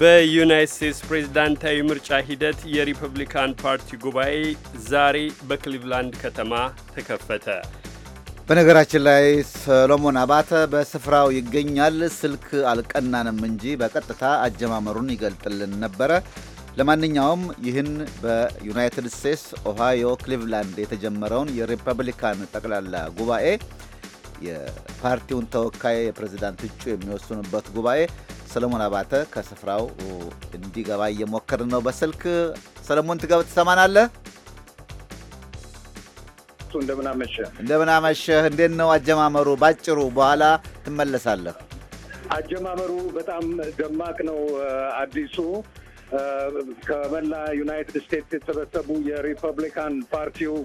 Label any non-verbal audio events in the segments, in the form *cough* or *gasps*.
በዩናይት ስቴትስ ፕሬዝዳንታዊ ምርጫ ሂደት የሪፐብሊካን ፓርቲ ጉባኤ ዛሬ በክሊቭላንድ ከተማ ተከፈተ። በነገራችን ላይ ሰሎሞን አባተ በስፍራው ይገኛል። ስልክ አልቀናንም እንጂ በቀጥታ አጀማመሩን ይገልጥልን ነበረ። ለማንኛውም ይህን በዩናይትድ ስቴትስ ኦሃዮ ክሊቭላንድ የተጀመረውን የሪፐብሊካን ጠቅላላ ጉባኤ የፓርቲውን ተወካይ የፕሬዝዳንት እጩ የሚወስኑበት ጉባኤ ሰለሞን አባተ ከስፍራው እንዲገባ እየሞከርን ነው በስልክ። ሰለሞን ትገብ ትሰማናለህ? እንደምናመሸህ እንደምናመሸህ። እንዴት ነው አጀማመሩ? ባጭሩ በኋላ ትመለሳለህ። አጀማመሩ በጣም ደማቅ ነው። አዲሱ ከመላ ዩናይትድ ስቴትስ የተሰበሰቡ የሪፐብሊካን ፓርቲው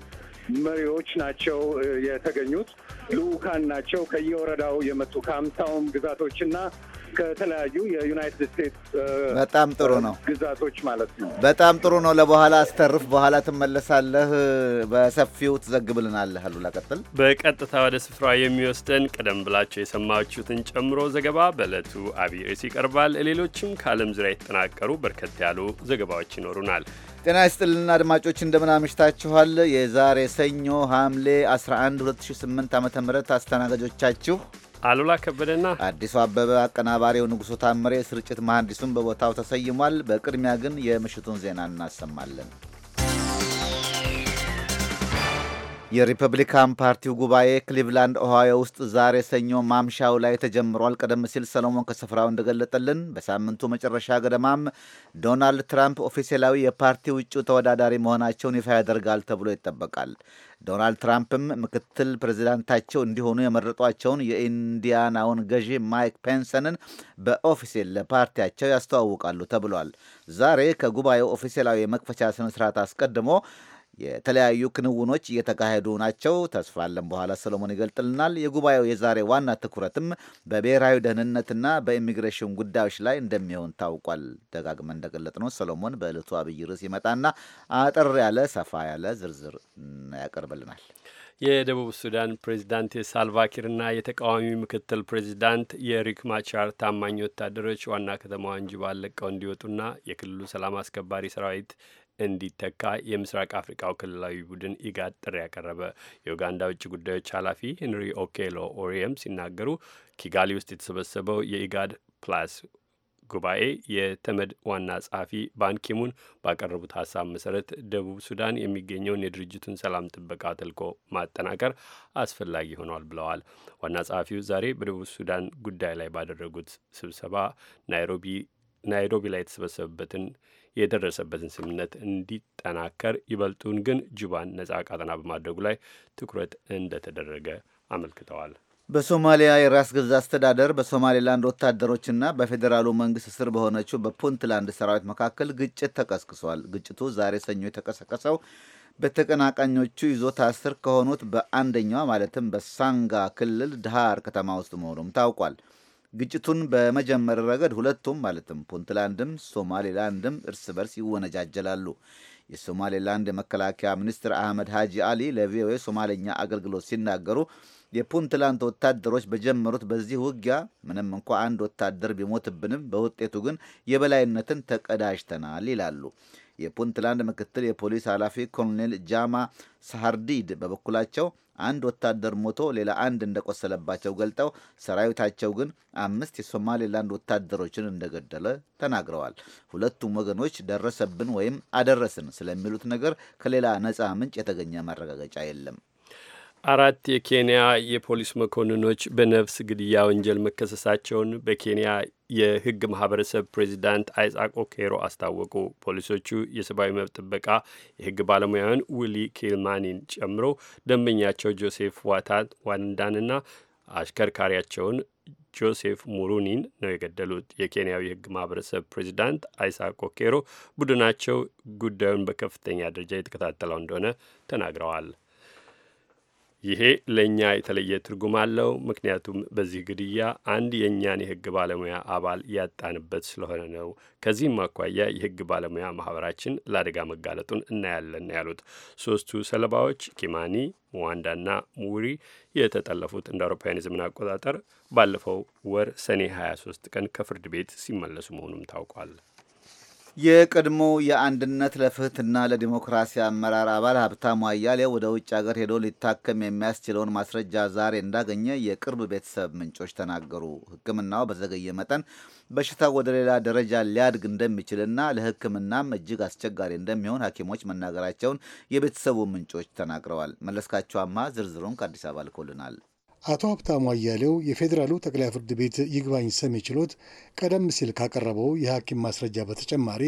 መሪዎች ናቸው የተገኙት። ልዑካን ናቸው ከየወረዳው የመጡ ከሀምሳውም ግዛቶችና ከተለያዩ የዩናይትድ ስቴትስ በጣም ጥሩ ነው ግዛቶች ማለት ነው። በጣም ጥሩ ነው። ለበኋላ አስተርፍ፣ በኋላ ትመለሳለህ፣ በሰፊው ትዘግብልናለህ። አሉላ ቀጥል። በቀጥታ ወደ ስፍራ የሚወስደን ቀደም ብላቸው የሰማችሁትን ጨምሮ ዘገባ በዕለቱ አብይ ርዕስ ይቀርባል። ሌሎችም ከዓለም ዙሪያ የተጠናቀሩ በርከት ያሉ ዘገባዎች ይኖሩናል። ጤና ይስጥልን አድማጮች እንደምን አምሽታችኋል። የዛሬ ሰኞ ሐምሌ 11 2008 ዓ ም አስተናጋጆቻችሁ አሉላ ከበደና አዲሱ አበበ፣ አቀናባሪው ንጉሶ ታምሬ፣ ስርጭት መሐንዲሱን በቦታው ተሰይሟል። በቅድሚያ ግን የምሽቱን ዜና እናሰማለን። የሪፐብሊካን ፓርቲው ጉባኤ ክሊቭላንድ ኦሃዮ ውስጥ ዛሬ ሰኞ ማምሻው ላይ ተጀምሯል። ቀደም ሲል ሰሎሞን ከስፍራው እንደገለጠልን በሳምንቱ መጨረሻ ገደማም ዶናልድ ትራምፕ ኦፊሴላዊ የፓርቲው እጩ ተወዳዳሪ መሆናቸውን ይፋ ያደርጋል ተብሎ ይጠበቃል። ዶናልድ ትራምፕም ምክትል ፕሬዚዳንታቸው እንዲሆኑ የመረጧቸውን የኢንዲያናውን ገዢ ማይክ ፔንሰንን በኦፊሴል ለፓርቲያቸው ያስተዋውቃሉ ተብሏል። ዛሬ ከጉባኤው ኦፊሴላዊ የመክፈቻ ስነስርዓት አስቀድሞ የተለያዩ ክንውኖች እየተካሄዱ ናቸው። ተስፋ በኋላ ሰሎሞን ይገልጥልናል። የጉባኤው የዛሬ ዋና ትኩረትም በብሔራዊ ደህንነትና በኢሚግሬሽን ጉዳዮች ላይ እንደሚሆን ታውቋል። ደጋግመን ነው ሰሎሞን በዕለቱ አብይ ርዕስ ይመጣና አጠር ያለ ሰፋ ያለ ዝርዝር ያቀርብልናል። የደቡብ ሱዳን ፕሬዚዳንት የሳልቫኪርና የተቃዋሚ ምክትል ፕሬዚዳንት የሪክ ማቻር ታማኝ ወታደሮች ዋና ከተማዋን ጁባ ለቀው እንዲወጡና የክልሉ ሰላም አስከባሪ ሰራዊት እንዲተካ የምስራቅ አፍሪካው ክልላዊ ቡድን ኢጋድ ጥሪ ያቀረበ። የኡጋንዳ ውጭ ጉዳዮች ኃላፊ ሄንሪ ኦኬሎ ኦሪየም ሲናገሩ ኪጋሊ ውስጥ የተሰበሰበው የኢጋድ ፕላስ ጉባኤ የተመድ ዋና ጸሐፊ ባንኪሙን ባቀረቡት ሀሳብ መሰረት ደቡብ ሱዳን የሚገኘውን የድርጅቱን ሰላም ጥበቃ ተልዕኮ ማጠናከር አስፈላጊ ሆኗል ብለዋል። ዋና ጸሐፊው ዛሬ በደቡብ ሱዳን ጉዳይ ላይ ባደረጉት ስብሰባ ናይሮቢ ናይሮቢ ላይ የተሰበሰበበትን የደረሰበትን ስምምነት እንዲጠናከር ይበልጡን ግን ጁባን ነጻ ቀጠና በማድረጉ ላይ ትኩረት እንደተደረገ አመልክተዋል። በሶማሊያ የራስ ገዛ አስተዳደር በሶማሌላንድ ወታደሮችና በፌዴራሉ መንግስት ስር በሆነችው በፑንትላንድ ሰራዊት መካከል ግጭት ተቀስቅሷል። ግጭቱ ዛሬ ሰኞ የተቀሰቀሰው በተቀናቃኞቹ ይዞታ ስር ከሆኑት በአንደኛዋ ማለትም በሳንጋ ክልል ድሃር ከተማ ውስጥ መሆኑም ታውቋል። ግጭቱን በመጀመር ረገድ ሁለቱም ማለትም ፑንትላንድም ሶማሌላንድም እርስ በርስ ይወነጃጀላሉ። የሶማሌላንድ የመከላከያ ሚኒስትር አህመድ ሃጂ አሊ ለቪኦኤ ሶማሌኛ አገልግሎት ሲናገሩ የፑንትላንድ ወታደሮች በጀመሩት በዚህ ውጊያ ምንም እንኳ አንድ ወታደር ቢሞትብንም በውጤቱ ግን የበላይነትን ተቀዳጅተናል ይላሉ። የፑንትላንድ ምክትል የፖሊስ ኃላፊ ኮሎኔል ጃማ ሳሃርዲድ በበኩላቸው አንድ ወታደር ሞቶ ሌላ አንድ እንደቆሰለባቸው ገልጠው ሰራዊታቸው ግን አምስት የሶማሌላንድ ወታደሮችን እንደገደለ ተናግረዋል። ሁለቱም ወገኖች ደረሰብን ወይም አደረስን ስለሚሉት ነገር ከሌላ ነፃ ምንጭ የተገኘ ማረጋገጫ የለም። አራት የኬንያ የፖሊስ መኮንኖች በነፍስ ግድያ ወንጀል መከሰሳቸውን በኬንያ የሕግ ማህበረሰብ ፕሬዚዳንት አይጻቆ ኦኬሮ አስታወቁ። ፖሊሶቹ የሰብአዊ መብት ጥበቃ የሕግ ባለሙያን ዊሊ ኪልማኒን ጨምሮ ደንበኛቸው ጆሴፍ ዋታ፣ ዋንዳንና አሽከርካሪያቸውን ጆሴፍ ሙሩኒን ነው የገደሉት። የኬንያዊ የሕግ ማህበረሰብ ፕሬዚዳንት አይሳቅ ኦኬሮ ቡድናቸው ጉዳዩን በከፍተኛ ደረጃ የተከታተለው እንደሆነ ተናግረዋል። ይሄ ለእኛ የተለየ ትርጉም አለው፣ ምክንያቱም በዚህ ግድያ አንድ የእኛን የህግ ባለሙያ አባል ያጣንበት ስለሆነ ነው። ከዚህም አኳያ የህግ ባለሙያ ማህበራችን ለአደጋ መጋለጡን እናያለን ያሉት ሶስቱ ሰለባዎች ኪማኒ፣ ሙዋንዳና ሙሪ የተጠለፉት እንደ አውሮፓውያን የዘመን አቆጣጠር ባለፈው ወር ሰኔ 23 ቀን ከፍርድ ቤት ሲመለሱ መሆኑም ታውቋል። የቀድሞ የአንድነት ለፍትህና ለዲሞክራሲ አመራር አባል ሀብታሙ አያሌው ወደ ውጭ ሀገር ሄዶ ሊታከም የሚያስችለውን ማስረጃ ዛሬ እንዳገኘ የቅርብ ቤተሰብ ምንጮች ተናገሩ። ሕክምናው በዘገየ መጠን በሽታው ወደ ሌላ ደረጃ ሊያድግ እንደሚችልና ለሕክምናም እጅግ አስቸጋሪ እንደሚሆን ሐኪሞች መናገራቸውን የቤተሰቡ ምንጮች ተናግረዋል። መለስካቸው አማ ዝርዝሩን ከአዲስ አበባ ልኮልናል። አቶ ሀብታሙ አያሌው የፌዴራሉ ጠቅላይ ፍርድ ቤት ይግባኝ ሰሚ ችሎት ቀደም ሲል ካቀረበው የሐኪም ማስረጃ በተጨማሪ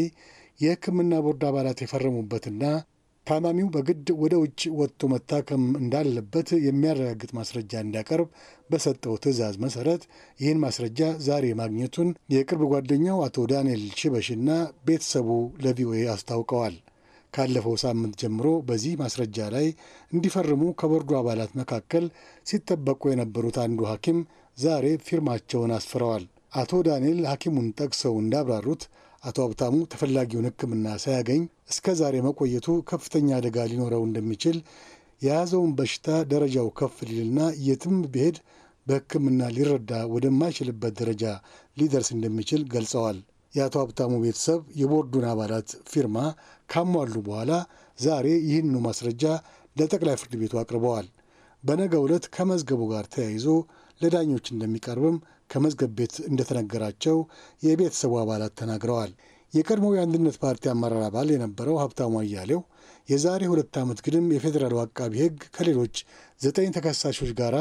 የሕክምና ቦርድ አባላት የፈረሙበትና ታማሚው በግድ ወደ ውጭ ወጥቶ መታከም እንዳለበት የሚያረጋግጥ ማስረጃ እንዲያቀርብ በሰጠው ትዕዛዝ መሰረት ይህን ማስረጃ ዛሬ ማግኘቱን የቅርብ ጓደኛው አቶ ዳንኤል ሽበሽና ቤተሰቡ ለቪኦኤ አስታውቀዋል። ካለፈው ሳምንት ጀምሮ በዚህ ማስረጃ ላይ እንዲፈርሙ ከቦርዱ አባላት መካከል ሲጠበቁ የነበሩት አንዱ ሐኪም ዛሬ ፊርማቸውን አስፍረዋል። አቶ ዳንኤል ሐኪሙን ጠቅሰው እንዳብራሩት አቶ ሀብታሙ ተፈላጊውን ሕክምና ሳያገኝ እስከ ዛሬ መቆየቱ ከፍተኛ አደጋ ሊኖረው እንደሚችል የያዘውን በሽታ ደረጃው ከፍ ሊልና የትም ቢሄድ በሕክምና ሊረዳ ወደማይችልበት ደረጃ ሊደርስ እንደሚችል ገልጸዋል። የአቶ ሀብታሙ ቤተሰብ የቦርዱን አባላት ፊርማ ካሟሉ በኋላ ዛሬ ይህንኑ ማስረጃ ለጠቅላይ ፍርድ ቤቱ አቅርበዋል። በነገ ዕለት ከመዝገቡ ጋር ተያይዞ ለዳኞች እንደሚቀርብም ከመዝገብ ቤት እንደተነገራቸው የቤተሰቡ አባላት ተናግረዋል። የቀድሞው የአንድነት ፓርቲ አመራር አባል የነበረው ሀብታሙ አያሌው የዛሬ ሁለት ዓመት ግድም የፌዴራሉ አቃቢ ሕግ ከሌሎች ዘጠኝ ተከሳሾች ጋር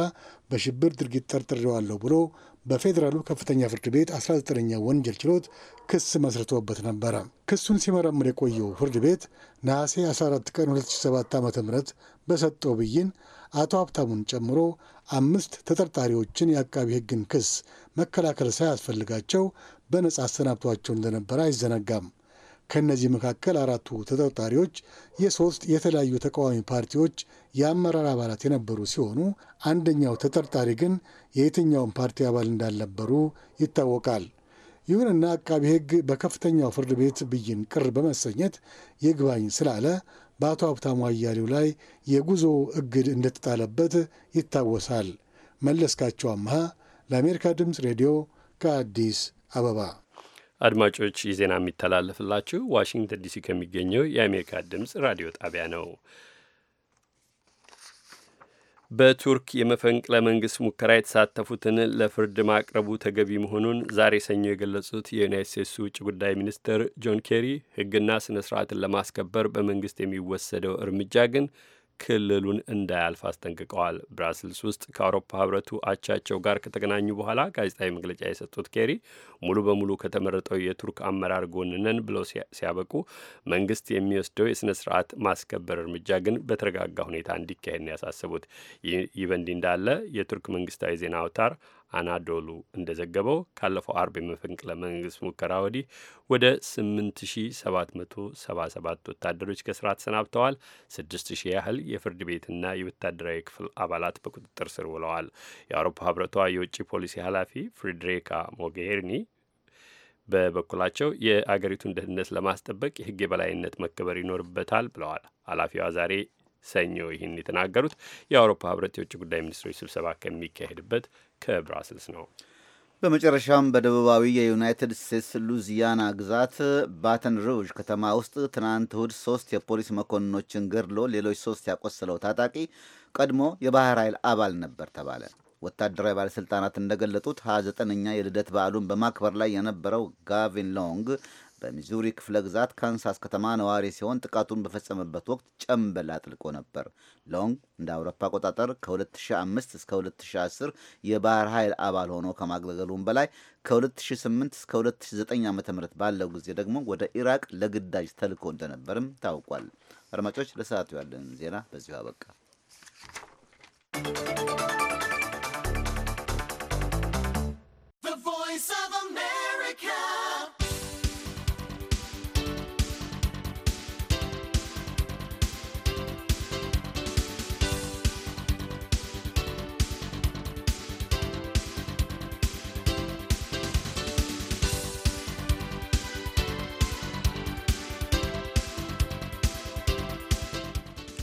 በሽብር ድርጊት ጠርጥሬዋለሁ ብሎ በፌዴራሉ ከፍተኛ ፍርድ ቤት 19ኛ ወንጀል ችሎት ክስ መስርቶበት ነበረ። ክሱን ሲመረምር የቆየው ፍርድ ቤት ነሐሴ 14 ቀን 2007 ዓ ም በሰጠው ብይን አቶ ሀብታሙን ጨምሮ አምስት ተጠርጣሪዎችን የአቃቢ ሕግን ክስ መከላከል ሳያስፈልጋቸው በነጻ አሰናብቷቸው እንደነበረ አይዘነጋም። ከእነዚህ መካከል አራቱ ተጠርጣሪዎች የሶስት የተለያዩ ተቃዋሚ ፓርቲዎች የአመራር አባላት የነበሩ ሲሆኑ አንደኛው ተጠርጣሪ ግን የየትኛውን ፓርቲ አባል እንዳልነበሩ ይታወቃል። ይሁንና አቃቢ ሕግ በከፍተኛው ፍርድ ቤት ብይን ቅር በመሰኘት ይግባኝ ስላለ በአቶ ሀብታሙ አያሌው ላይ የጉዞ እግድ እንደተጣለበት ይታወሳል። መለስካቸው አምሃ ለአሜሪካ ድምፅ ሬዲዮ ከአዲስ አበባ አድማጮች ይህ ዜና የሚተላለፍላችሁ ዋሽንግተን ዲሲ ከሚገኘው የአሜሪካ ድምፅ ራዲዮ ጣቢያ ነው። በቱርክ የመፈንቅለ መንግስት ሙከራ የተሳተፉትን ለፍርድ ማቅረቡ ተገቢ መሆኑን ዛሬ ሰኞ የገለጹት የዩናይት ስቴትሱ ውጭ ጉዳይ ሚኒስትር ጆን ኬሪ ሕግና ስነ ስርዓትን ለማስከበር በመንግስት የሚወሰደው እርምጃ ግን ክልሉን እንዳያልፍ አስጠንቅቀዋል። ብራስልስ ውስጥ ከአውሮፓ ህብረቱ አቻቸው ጋር ከተገናኙ በኋላ ጋዜጣዊ መግለጫ የሰጡት ኬሪ ሙሉ በሙሉ ከተመረጠው የቱርክ አመራር ጎንነን ብለው ሲያበቁ መንግስት የሚወስደው የሥነ ስርዓት ማስከበር እርምጃ ግን በተረጋጋ ሁኔታ እንዲካሄድ ነው ያሳሰቡት። ይህ በእንዲህ እንዳለ የቱርክ መንግስታዊ ዜና አውታር አናዶሉ እንደዘገበው ካለፈው አርብ የመፈንቅለ መንግስት ሙከራ ወዲህ ወደ 8777 ወታደሮች ከስራ ተሰናብተዋል። 6000 ያህል የፍርድ ቤትና የወታደራዊ ክፍል አባላት በቁጥጥር ስር ውለዋል። የአውሮፓ ህብረቷ የውጭ ፖሊሲ ኃላፊ ፍሬድሪካ ሞጌሪኒ በበኩላቸው የአገሪቱን ደህንነት ለማስጠበቅ የህግ የበላይነት መከበር ይኖርበታል ብለዋል። ኃላፊዋ ዛሬ ሰኞ ይህን የተናገሩት የአውሮፓ ህብረት የውጭ ጉዳይ ሚኒስትሮች ስብሰባ ከሚካሄድበት ከብራስልስ ነው። በመጨረሻም በደቡባዊ የዩናይትድ ስቴትስ ሉዚያና ግዛት ባተን ሩዥ ከተማ ውስጥ ትናንት እሁድ ሶስት የፖሊስ መኮንኖችን ገድሎ ሌሎች ሶስት ያቆሰለው ታጣቂ ቀድሞ የባህር ኃይል አባል ነበር ተባለ። ወታደራዊ ባለሥልጣናት እንደገለጡት 29ኛ የልደት በዓሉን በማክበር ላይ የነበረው ጋቪን ሎንግ በሚዙሪ ክፍለ ግዛት ካንሳስ ከተማ ነዋሪ ሲሆን ጥቃቱን በፈጸመበት ወቅት ጨንበል አጥልቆ ነበር። ሎንግ እንደ አውሮፓ አቆጣጠር ከ2005 እስከ 2010 የባህር ኃይል አባል ሆኖ ከማገልገሉም በላይ ከ2008 እስከ 2009 ዓ ም ባለው ጊዜ ደግሞ ወደ ኢራቅ ለግዳጅ ተልኮ እንደነበርም ታውቋል። አድማጮች፣ ለሰዓቱ ያለን ዜና በዚሁ አበቃ።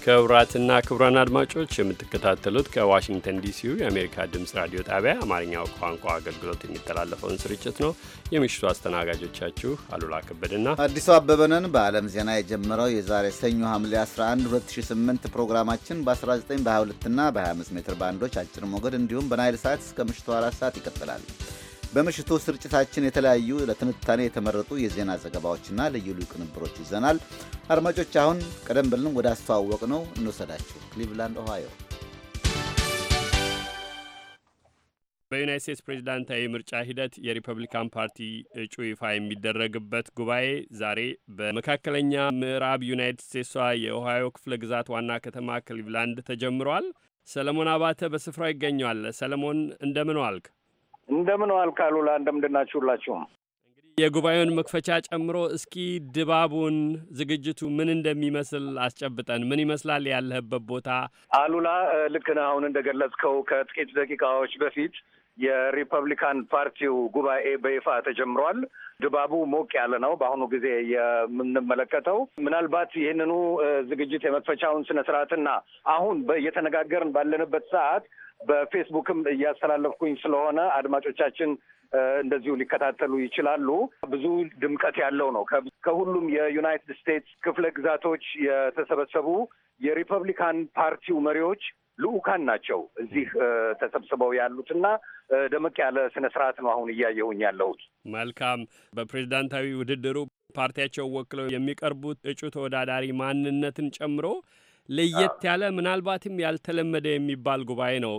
ክቡራትና ክቡራን አድማጮች የምትከታተሉት ከዋሽንግተን ዲሲው የአሜሪካ ድምፅ ራዲዮ ጣቢያ አማርኛው ቋንቋ አገልግሎት የሚተላለፈውን ስርጭት ነው። የምሽቱ አስተናጋጆቻችሁ አሉላ ከበድና አዲሱ አበበንን በዓለም ዜና የጀመረው የዛሬ ሰኞ ሐምሌ 11 2008 ፕሮግራማችን በ19 በ22ና በ25 ሜትር ባንዶች አጭር ሞገድ እንዲሁም በናይል ሰዓት እስከ ምሽቱ አራት ሰዓት ይቀጥላል። በምሽቱ ስርጭታችን የተለያዩ ለትንታኔ የተመረጡ የዜና ዘገባዎችና ልዩ ልዩ ቅንብሮች ይዘናል። አድማጮች አሁን ቀደም ብለን ወደ አስተዋወቅ ነው እንወሰዳችሁ። ክሊቭላንድ ኦሃዮ በዩናይት ስቴትስ ፕሬዚዳንታዊ ምርጫ ሂደት የሪፐብሊካን ፓርቲ እጩ ይፋ የሚደረግበት ጉባኤ ዛሬ በመካከለኛ ምዕራብ ዩናይትድ ስቴትሷ የኦሃዮ ክፍለ ግዛት ዋና ከተማ ክሊቭላንድ ተጀምሯል። ሰለሞን አባተ በስፍራው ይገኘዋል። ሰለሞን እንደምን ዋልክ? እንደምን ዋልክ አሉላ፣ እንደምንድን ናችሁ ሁላችሁም? የጉባኤውን መክፈቻ ጨምሮ እስኪ ድባቡን ዝግጅቱ ምን እንደሚመስል አስጨብጠን። ምን ይመስላል ያለህበት ቦታ? አሉላ ልክ ነህ። አሁን እንደገለጽከው ከጥቂት ደቂቃዎች በፊት የሪፐብሊካን ፓርቲው ጉባኤ በይፋ ተጀምሯል። ድባቡ ሞቅ ያለ ነው። በአሁኑ ጊዜ የምንመለከተው ምናልባት ይህንኑ ዝግጅት የመክፈቻውን ስነ ስርዓትና አሁን እየተነጋገርን ባለንበት ሰዓት በፌስቡክም እያስተላለፍኩኝ ስለሆነ አድማጮቻችን እንደዚሁ ሊከታተሉ ይችላሉ። ብዙ ድምቀት ያለው ነው። ከሁሉም የዩናይትድ ስቴትስ ክፍለ ግዛቶች የተሰበሰቡ የሪፐብሊካን ፓርቲው መሪዎች ልዑካን ናቸው እዚህ ተሰብስበው ያሉት እና ደመቅ ያለ ስነ ስርዓት ነው አሁን እያየሁኝ ያለሁት። መልካም። በፕሬዚዳንታዊ ውድድሩ ፓርቲያቸው ወክለው የሚቀርቡት እጩ ተወዳዳሪ ማንነትን ጨምሮ ለየት ያለ ምናልባትም ያልተለመደ የሚባል ጉባኤ ነው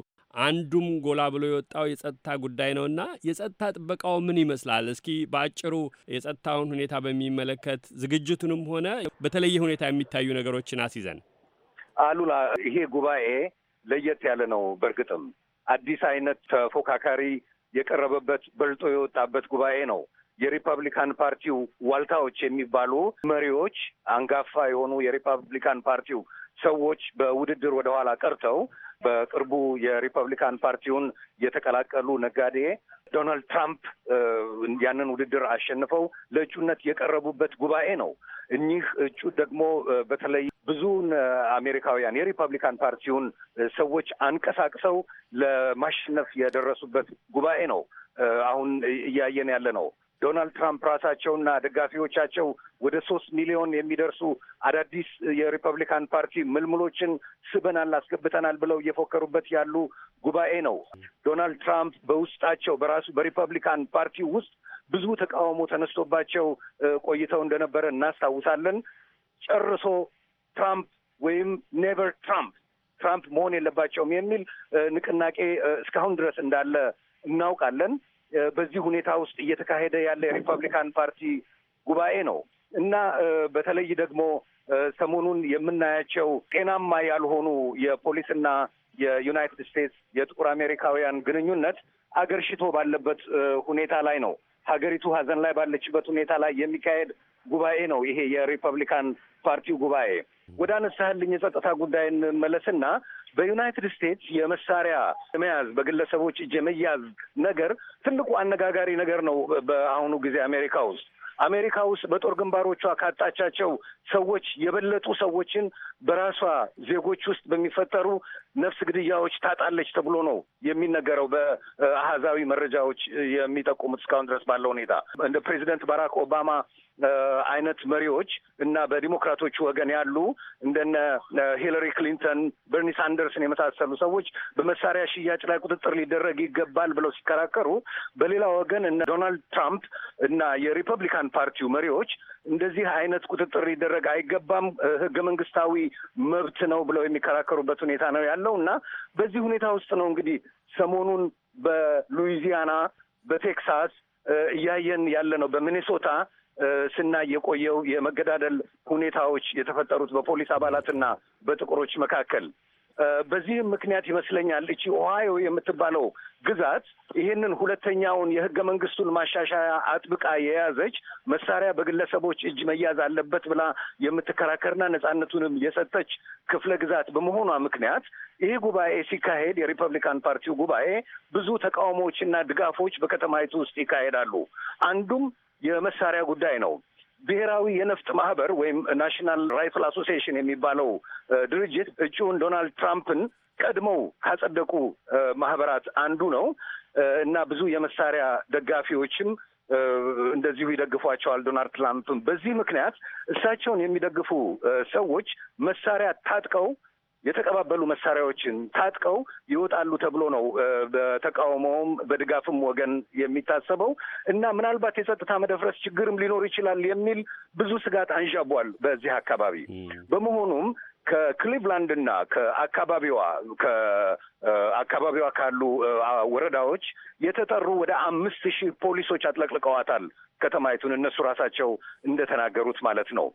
አንዱም ጎላ ብሎ የወጣው የጸጥታ ጉዳይ ነውና የጸጥታ ጥበቃው ምን ይመስላል? እስኪ በአጭሩ የጸጥታውን ሁኔታ በሚመለከት ዝግጅቱንም ሆነ በተለየ ሁኔታ የሚታዩ ነገሮችን አስይዘን። አሉላ፣ ይሄ ጉባኤ ለየት ያለ ነው። በእርግጥም አዲስ አይነት ተፎካካሪ የቀረበበት በልጦ የወጣበት ጉባኤ ነው። የሪፐብሊካን ፓርቲው ዋልታዎች የሚባሉ መሪዎች አንጋፋ የሆኑ የሪፐብሊካን ፓርቲው ሰዎች በውድድር ወደኋላ ቀርተው በቅርቡ የሪፐብሊካን ፓርቲውን የተቀላቀሉ ነጋዴ ዶናልድ ትራምፕ ያንን ውድድር አሸንፈው ለእጩነት የቀረቡበት ጉባኤ ነው። እኚህ እጩ ደግሞ በተለይ ብዙውን አሜሪካውያን የሪፐብሊካን ፓርቲውን ሰዎች አንቀሳቅሰው ለማሸነፍ የደረሱበት ጉባኤ ነው። አሁን እያየን ያለ ነው። ዶናልድ ትራምፕ ራሳቸውና ደጋፊዎቻቸው ወደ ሶስት ሚሊዮን የሚደርሱ አዳዲስ የሪፐብሊካን ፓርቲ ምልምሎችን ስበናል፣ አስገብተናል ብለው እየፎከሩበት ያሉ ጉባኤ ነው። ዶናልድ ትራምፕ በውስጣቸው በራሱ በሪፐብሊካን ፓርቲ ውስጥ ብዙ ተቃውሞ ተነስቶባቸው ቆይተው እንደነበረ እናስታውሳለን። ጨርሶ ትራምፕ ወይም ኔቨር ትራምፕ ትራምፕ መሆን የለባቸውም የሚል ንቅናቄ እስካሁን ድረስ እንዳለ እናውቃለን። በዚህ ሁኔታ ውስጥ እየተካሄደ ያለ የሪፐብሊካን ፓርቲ ጉባኤ ነው እና በተለይ ደግሞ ሰሞኑን የምናያቸው ጤናማ ያልሆኑ የፖሊስና የዩናይትድ ስቴትስ የጥቁር አሜሪካውያን ግንኙነት አገር ሽቶ ባለበት ሁኔታ ላይ ነው። ሀገሪቱ ሀዘን ላይ ባለችበት ሁኔታ ላይ የሚካሄድ ጉባኤ ነው ይሄ የሪፐብሊካን ፓርቲው ጉባኤ። ወደ አነሳህልኝ የጸጥታ ጉዳይ እንመለስና በዩናይትድ ስቴትስ የመሳሪያ መያዝ በግለሰቦች እጅ የመያዝ ነገር ትልቁ አነጋጋሪ ነገር ነው በአሁኑ ጊዜ አሜሪካ ውስጥ። አሜሪካ ውስጥ በጦር ግንባሮቿ ካጣቻቸው ሰዎች የበለጡ ሰዎችን በራሷ ዜጎች ውስጥ በሚፈጠሩ ነፍስ ግድያዎች ታጣለች ተብሎ ነው የሚነገረው። በአሃዛዊ መረጃዎች የሚጠቁሙት እስካሁን ድረስ ባለው ሁኔታ እንደ ፕሬዚደንት ባራክ ኦባማ አይነት መሪዎች እና በዲሞክራቶቹ ወገን ያሉ እንደነ ሂለሪ ክሊንተን፣ በርኒ ሳንደርስን የመሳሰሉ ሰዎች በመሳሪያ ሽያጭ ላይ ቁጥጥር ሊደረግ ይገባል ብለው ሲከራከሩ፣ በሌላ ወገን እነ ዶናልድ ትራምፕ እና የሪፐብሊካን ፓርቲው መሪዎች እንደዚህ አይነት ቁጥጥር ሊደረግ አይገባም፣ ህገ መንግስታዊ መብት ነው ብለው የሚከራከሩበት ሁኔታ ነው ያለው እና በዚህ ሁኔታ ውስጥ ነው እንግዲህ ሰሞኑን በሉዊዚያና በቴክሳስ እያየን ያለ ነው በሚኔሶታ ስናይ የቆየው የመገዳደል ሁኔታዎች የተፈጠሩት በፖሊስ አባላትና በጥቁሮች መካከል በዚህም ምክንያት ይመስለኛል እቺ ኦሃዮ የምትባለው ግዛት ይህንን ሁለተኛውን የህገ መንግስቱን ማሻሻያ አጥብቃ የያዘች መሳሪያ በግለሰቦች እጅ መያዝ አለበት ብላ የምትከራከርና ነጻነቱንም የሰጠች ክፍለ ግዛት በመሆኗ ምክንያት ይህ ጉባኤ ሲካሄድ የሪፐብሊካን ፓርቲው ጉባኤ ብዙ ተቃውሞዎችና ድጋፎች በከተማይቱ ውስጥ ይካሄዳሉ። አንዱም የመሳሪያ ጉዳይ ነው። ብሔራዊ የነፍጥ ማህበር ወይም ናሽናል ራይፍል አሶሲሽን የሚባለው ድርጅት እጩውን ዶናልድ ትራምፕን ቀድመው ካጸደቁ ማህበራት አንዱ ነው እና ብዙ የመሳሪያ ደጋፊዎችም እንደዚሁ ይደግፏቸዋል ዶናልድ ትራምፕን። በዚህ ምክንያት እሳቸውን የሚደግፉ ሰዎች መሳሪያ ታጥቀው የተቀባበሉ መሳሪያዎችን ታጥቀው ይወጣሉ ተብሎ ነው በተቃውሞውም በድጋፍም ወገን የሚታሰበው እና ምናልባት የጸጥታ መደፍረስ ችግርም ሊኖር ይችላል የሚል ብዙ ስጋት አንዣቧል በዚህ አካባቢ። በመሆኑም ከክሊቭላንድና ከአካባቢዋ ከአካባቢዋ ካሉ ወረዳዎች የተጠሩ ወደ አምስት ሺህ ፖሊሶች አጥለቅልቀዋታል ከተማይቱን እነሱ ራሳቸው እንደተናገሩት ማለት ነው።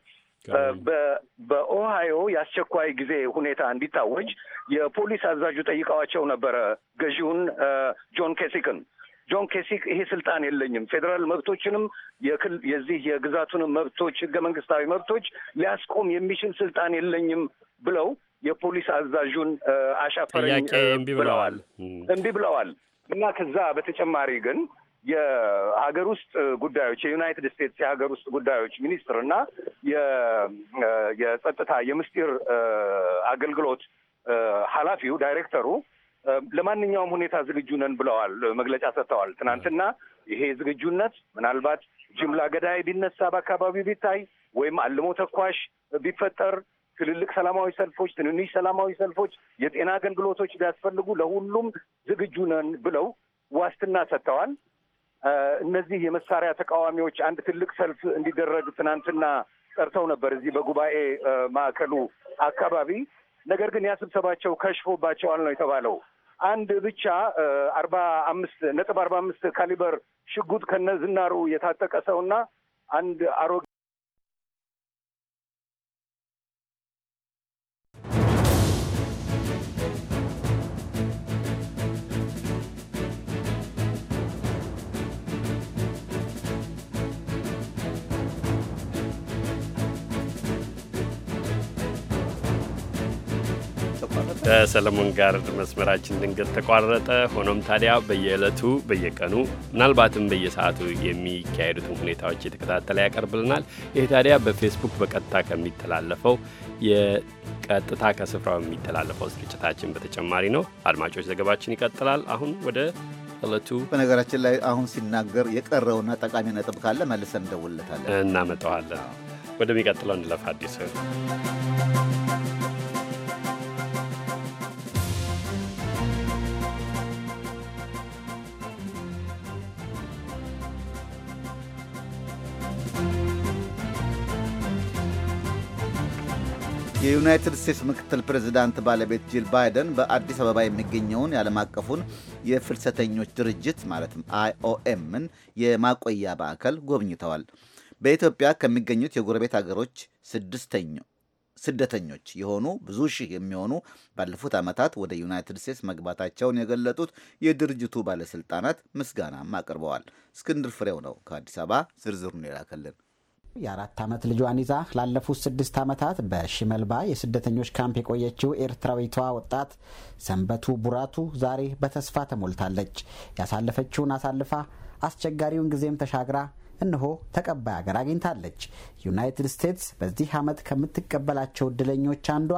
በኦሃዮ የአስቸኳይ ጊዜ ሁኔታ እንዲታወጅ የፖሊስ አዛዡ ጠይቀዋቸው ነበረ ገዢውን ጆን ኬሲክን። ጆን ኬሲክ ይሄ ስልጣን የለኝም፣ ፌዴራል መብቶችንም የዚህ የግዛቱንም መብቶች ህገ መንግስታዊ መብቶች ሊያስቆም የሚችል ስልጣን የለኝም ብለው የፖሊስ አዛዡን አሻፈረኝ ብለዋል። እምቢ ብለዋል እና ከዛ በተጨማሪ ግን የሀገር ውስጥ ጉዳዮች የዩናይትድ ስቴትስ የሀገር ውስጥ ጉዳዮች ሚኒስትር እና የጸጥታ የምስጢር አገልግሎት ኃላፊው ዳይሬክተሩ ለማንኛውም ሁኔታ ዝግጁ ነን ብለዋል፣ መግለጫ ሰጥተዋል። ትናንትና ይሄ ዝግጁነት ምናልባት ጅምላ ገዳይ ቢነሳ በአካባቢው ቢታይ ወይም አልሞ ተኳሽ ቢፈጠር ትልልቅ ሰላማዊ ሰልፎች፣ ትንንሽ ሰላማዊ ሰልፎች፣ የጤና አገልግሎቶች ቢያስፈልጉ ለሁሉም ዝግጁ ነን ብለው ዋስትና ሰጥተዋል። እነዚህ የመሳሪያ ተቃዋሚዎች አንድ ትልቅ ሰልፍ እንዲደረግ ትናንትና ጠርተው ነበር እዚህ በጉባኤ ማዕከሉ አካባቢ። ነገር ግን ያ ስብሰባቸው ከሽፎባቸዋል ነው የተባለው። አንድ ብቻ አርባ አምስት ነጥብ አርባ አምስት ካሊበር ሽጉጥ ከነዝናሩ የታጠቀ ሰውና አንድ አሮጌ ከሰለሞን ጋር መስመራችን ድንገት ተቋረጠ። ሆኖም ታዲያ በየዕለቱ በየቀኑ ምናልባትም በየሰዓቱ የሚካሄዱትን ሁኔታዎች የተከታተለ ያቀርብልናል። ይህ ታዲያ በፌስቡክ በቀጥታ ከሚተላለፈው የቀጥታ ከስፍራው የሚተላለፈው ስርጭታችን በተጨማሪ ነው። አድማጮች ዘገባችን ይቀጥላል። አሁን ወደ እለቱ በነገራችን ላይ አሁን ሲናገር የቀረውና ጠቃሚ ነጥብ ካለ መልሰን እንደውለታለን። እናመጣዋለን። ወደሚቀጥለው እንለፍ አዲስ የዩናይትድ ስቴትስ ምክትል ፕሬዚዳንት ባለቤት ጂል ባይደን በአዲስ አበባ የሚገኘውን የዓለም አቀፉን የፍልሰተኞች ድርጅት ማለትም አይኦኤምን የማቆያ ማዕከል ጎብኝተዋል። በኢትዮጵያ ከሚገኙት የጎረቤት አገሮች ስድስተኛው ስደተኞች የሆኑ ብዙ ሺህ የሚሆኑ ባለፉት ዓመታት ወደ ዩናይትድ ስቴትስ መግባታቸውን የገለጡት የድርጅቱ ባለሥልጣናት ምስጋናም አቅርበዋል። እስክንድር ፍሬው ነው ከአዲስ አበባ ዝርዝሩን የላከልን። የአራት ዓመት ልጇን ይዛ ላለፉት ስድስት ዓመታት በሽመልባ የስደተኞች ካምፕ የቆየችው ኤርትራዊቷ ወጣት ሰንበቱ ቡራቱ ዛሬ በተስፋ ተሞልታለች። ያሳለፈችውን አሳልፋ አስቸጋሪውን ጊዜም ተሻግራ እነሆ ተቀባይ አገር አግኝታለች። ዩናይትድ ስቴትስ በዚህ ዓመት ከምትቀበላቸው እድለኞች አንዷ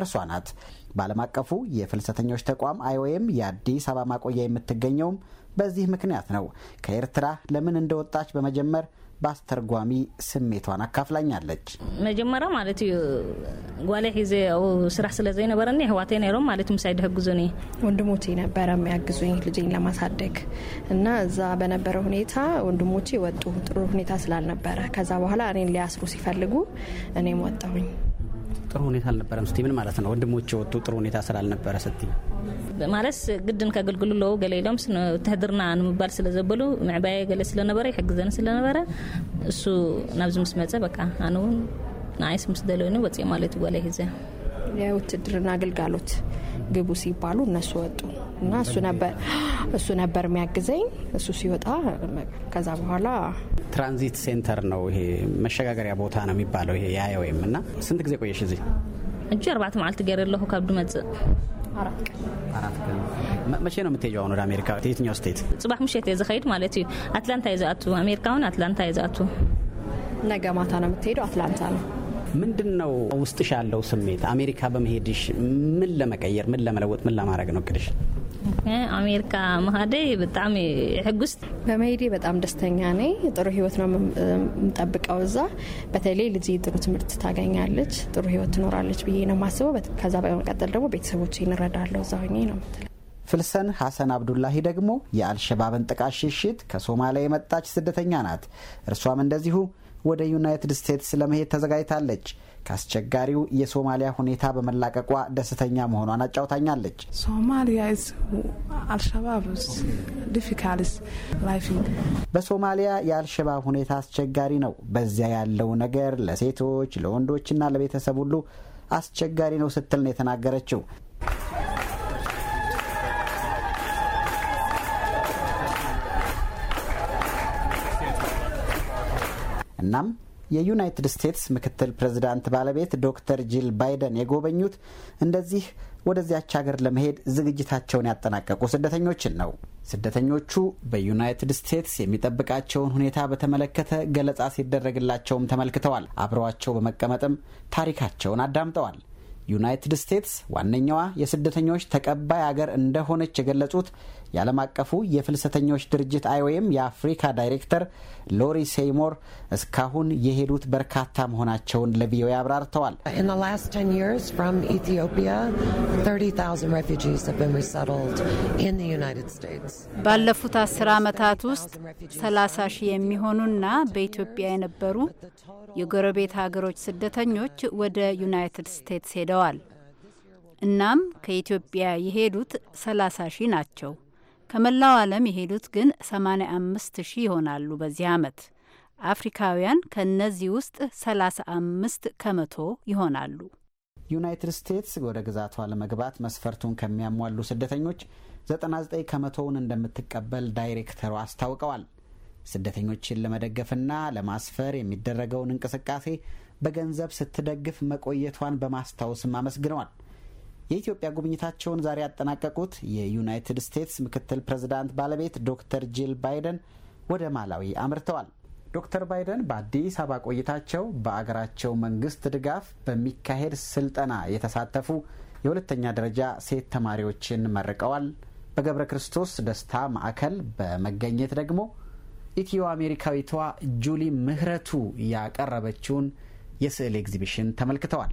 እርሷ ናት። በዓለም አቀፉ የፍልሰተኞች ተቋም አይኦኤም የአዲስ አበባ ማቆያ የምትገኘውም በዚህ ምክንያት ነው። ከኤርትራ ለምን እንደወጣች በመጀመር በአስተርጓሚ ስሜቷን አካፍላኛለች። መጀመሪያ ማለት እዩ ጓሌ ሒዜ አብ ስራሕ ስለ ዘይነበረኒ ኣሕዋተይ ነይሮም ማለት ምሳይ ድሕግዙኒ ወንድሞቼ ነበረ የሚያግዙኝ ልጄን ለማሳደግ እና እዛ በነበረ ሁኔታ ወንድሞቼ ወጡ፣ ጥሩ ሁኔታ ስላልነበረ። ከዛ በኋላ እኔን ሊያስሩ ሲፈልጉ እኔም ወጣሁኝ። ጥሩ ሁኔታ አልነበረም ስቲ ምን ማለት ነው? ወንድሞች የወጡ ጥሩ ሁኔታ ስላልነበረ ስቲ ማለት ግድን ከገልግሉ ለው ገለ ኢሎም ተህድርና ንምባል ስለዘበሉ ምዕባየ ገለ ስለነበረ ይሕግዘን ስለነበረ እሱ ናብዚ ምስ መፀ በቃ ኣነ እውን ንኣይስ ምስ ደለዩኒ ወፅኦ ማለት እዩ ጓለ ሂዘ ውትድርና ግልጋሎት ግቡ ሲባሉ እነሱ ወጡ እና እሱ ነበር *gasps* እሱ ነበር የሚያግዘኝ። እሱ ሲወጣ ከዛ በኋላ ትራንዚት ሴንተር ነው ይሄ መሸጋገሪያ ቦታ ነው የሚባለው ይሄ ያየ ወይም እና ስንት ጊዜ ቆየሽ እዚህ? እጅ አርባት መዓልት ገር ገይረለኹ ከብዱ መጽእ መቼ ነው የምትሄጂው አሁን ወደ አሜሪካ? የትኛው ስቴት? ጽባሕ ምሸት እየ ማለት እዩ። አትላንታ እዩ ዝኣቱ። ኣሜሪካ አትላንታ እዩ ዝኣቱ። ነገ ማታ ነው የምትሄደው። አትላንታ ነው ምንድን ነው ውስጥሽ ያለው ስሜት? አሜሪካ በመሄድሽ ምን ለመቀየር፣ ምን ለመለወጥ፣ ምን ለማድረግ ነው እቅድሽ? አሜሪካ መሀደ በጣም ሕጉስ በመሄዴ በጣም ደስተኛ ነኝ። ጥሩ ህይወት ነው የምጠብቀው እዛ። በተለይ ልጅ ጥሩ ትምህርት ታገኛለች፣ ጥሩ ህይወት ትኖራለች ብዬ ነው ማስበው። ከዛ በመቀጠል ደግሞ ቤተሰቦች እንረዳለሁ እዛ ሆኜ ነው ምትለ ፍልሰን ሐሰን አብዱላሂ ደግሞ የአልሸባብን ጥቃት ሽሽት ከሶማሊያ የመጣች ስደተኛ ናት። እርሷም እንደዚሁ ወደ ዩናይትድ ስቴትስ ለመሄድ ተዘጋጅታለች። ከአስቸጋሪው የሶማሊያ ሁኔታ በመላቀቋ ደስተኛ መሆኗን አጫውታኛለች። በሶማሊያ የአልሸባብ ሁኔታ አስቸጋሪ ነው። በዚያ ያለው ነገር ለሴቶች ለወንዶችና ለቤተሰብ ሁሉ አስቸጋሪ ነው ስትል ነው የተናገረችው። እናም የዩናይትድ ስቴትስ ምክትል ፕሬዝዳንት ባለቤት ዶክተር ጂል ባይደን የጎበኙት እንደዚህ ወደዚያች ሀገር ለመሄድ ዝግጅታቸውን ያጠናቀቁ ስደተኞችን ነው። ስደተኞቹ በዩናይትድ ስቴትስ የሚጠብቃቸውን ሁኔታ በተመለከተ ገለጻ ሲደረግላቸውም ተመልክተዋል። አብረዋቸው በመቀመጥም ታሪካቸውን አዳምጠዋል። ዩናይትድ ስቴትስ ዋነኛዋ የስደተኞች ተቀባይ አገር እንደሆነች የገለጹት የዓለም አቀፉ የፍልሰተኞች ድርጅት አይኦኤም የአፍሪካ ዳይሬክተር ሎሪ ሴይሞር እስካሁን የሄዱት በርካታ መሆናቸውን ለቪኦኤ አብራርተዋል። ባለፉት አስር ዓመታት ውስጥ 30 ሺህ የሚሆኑና በኢትዮጵያ የነበሩ የጎረቤት ሀገሮች ስደተኞች ወደ ዩናይትድ ስቴትስ ሄደዋል። እናም ከኢትዮጵያ የሄዱት 30 ሺህ ናቸው። ከመላው ዓለም የሄዱት ግን 85 ሺህ ይሆናሉ በዚህ ዓመት። አፍሪካውያን ከእነዚህ ውስጥ 35 ከመቶ ይሆናሉ። ዩናይትድ ስቴትስ ወደ ግዛቷ ለመግባት መስፈርቱን ከሚያሟሉ ስደተኞች 99 ከመቶውን እንደምትቀበል ዳይሬክተሩ አስታውቀዋል። ስደተኞችን ለመደገፍና ለማስፈር የሚደረገውን እንቅስቃሴ በገንዘብ ስትደግፍ መቆየቷን በማስታወስም አመስግነዋል። የኢትዮጵያ ጉብኝታቸውን ዛሬ ያጠናቀቁት የዩናይትድ ስቴትስ ምክትል ፕሬዝዳንት ባለቤት ዶክተር ጂል ባይደን ወደ ማላዊ አምርተዋል። ዶክተር ባይደን በአዲስ አበባ ቆይታቸው በአገራቸው መንግስት ድጋፍ በሚካሄድ ስልጠና የተሳተፉ የሁለተኛ ደረጃ ሴት ተማሪዎችን መርቀዋል። በገብረ ክርስቶስ ደስታ ማዕከል በመገኘት ደግሞ ኢትዮ አሜሪካዊቷ ጁሊ ምህረቱ ያቀረበችውን የስዕል ኤግዚቢሽን ተመልክተዋል።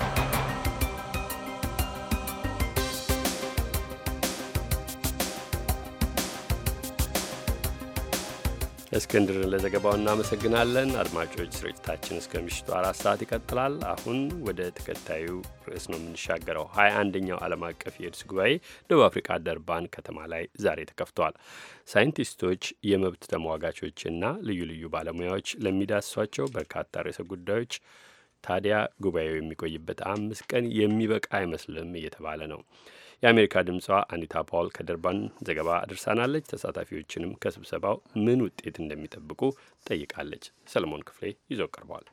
እስክንድርን ለዘገባው እናመሰግናለን። አድማጮች ስርጭታችን እስከ ምሽቱ አራት ሰዓት ይቀጥላል። አሁን ወደ ተከታዩ ርዕስ ነው የምንሻገረው። ሀያ አንደኛው ዓለም አቀፍ የኤድስ ጉባኤ ደቡብ አፍሪካ ደርባን ከተማ ላይ ዛሬ ተከፍቷል። ሳይንቲስቶች፣ የመብት ተሟጋቾችና ልዩ ልዩ ባለሙያዎች ለሚዳስሷቸው በርካታ ርዕሰ ጉዳዮች ታዲያ ጉባኤው የሚቆይበት አምስት ቀን የሚበቃ አይመስልም እየተባለ ነው። የአሜሪካ ድምጿ አኒታ ፓውል ከደርባን ዘገባ አድርሳናለች። ተሳታፊዎችንም ከስብሰባው ምን ውጤት እንደሚጠብቁ ጠይቃለች። ሰለሞን ክፍሌ ይዞ ቀርቧል።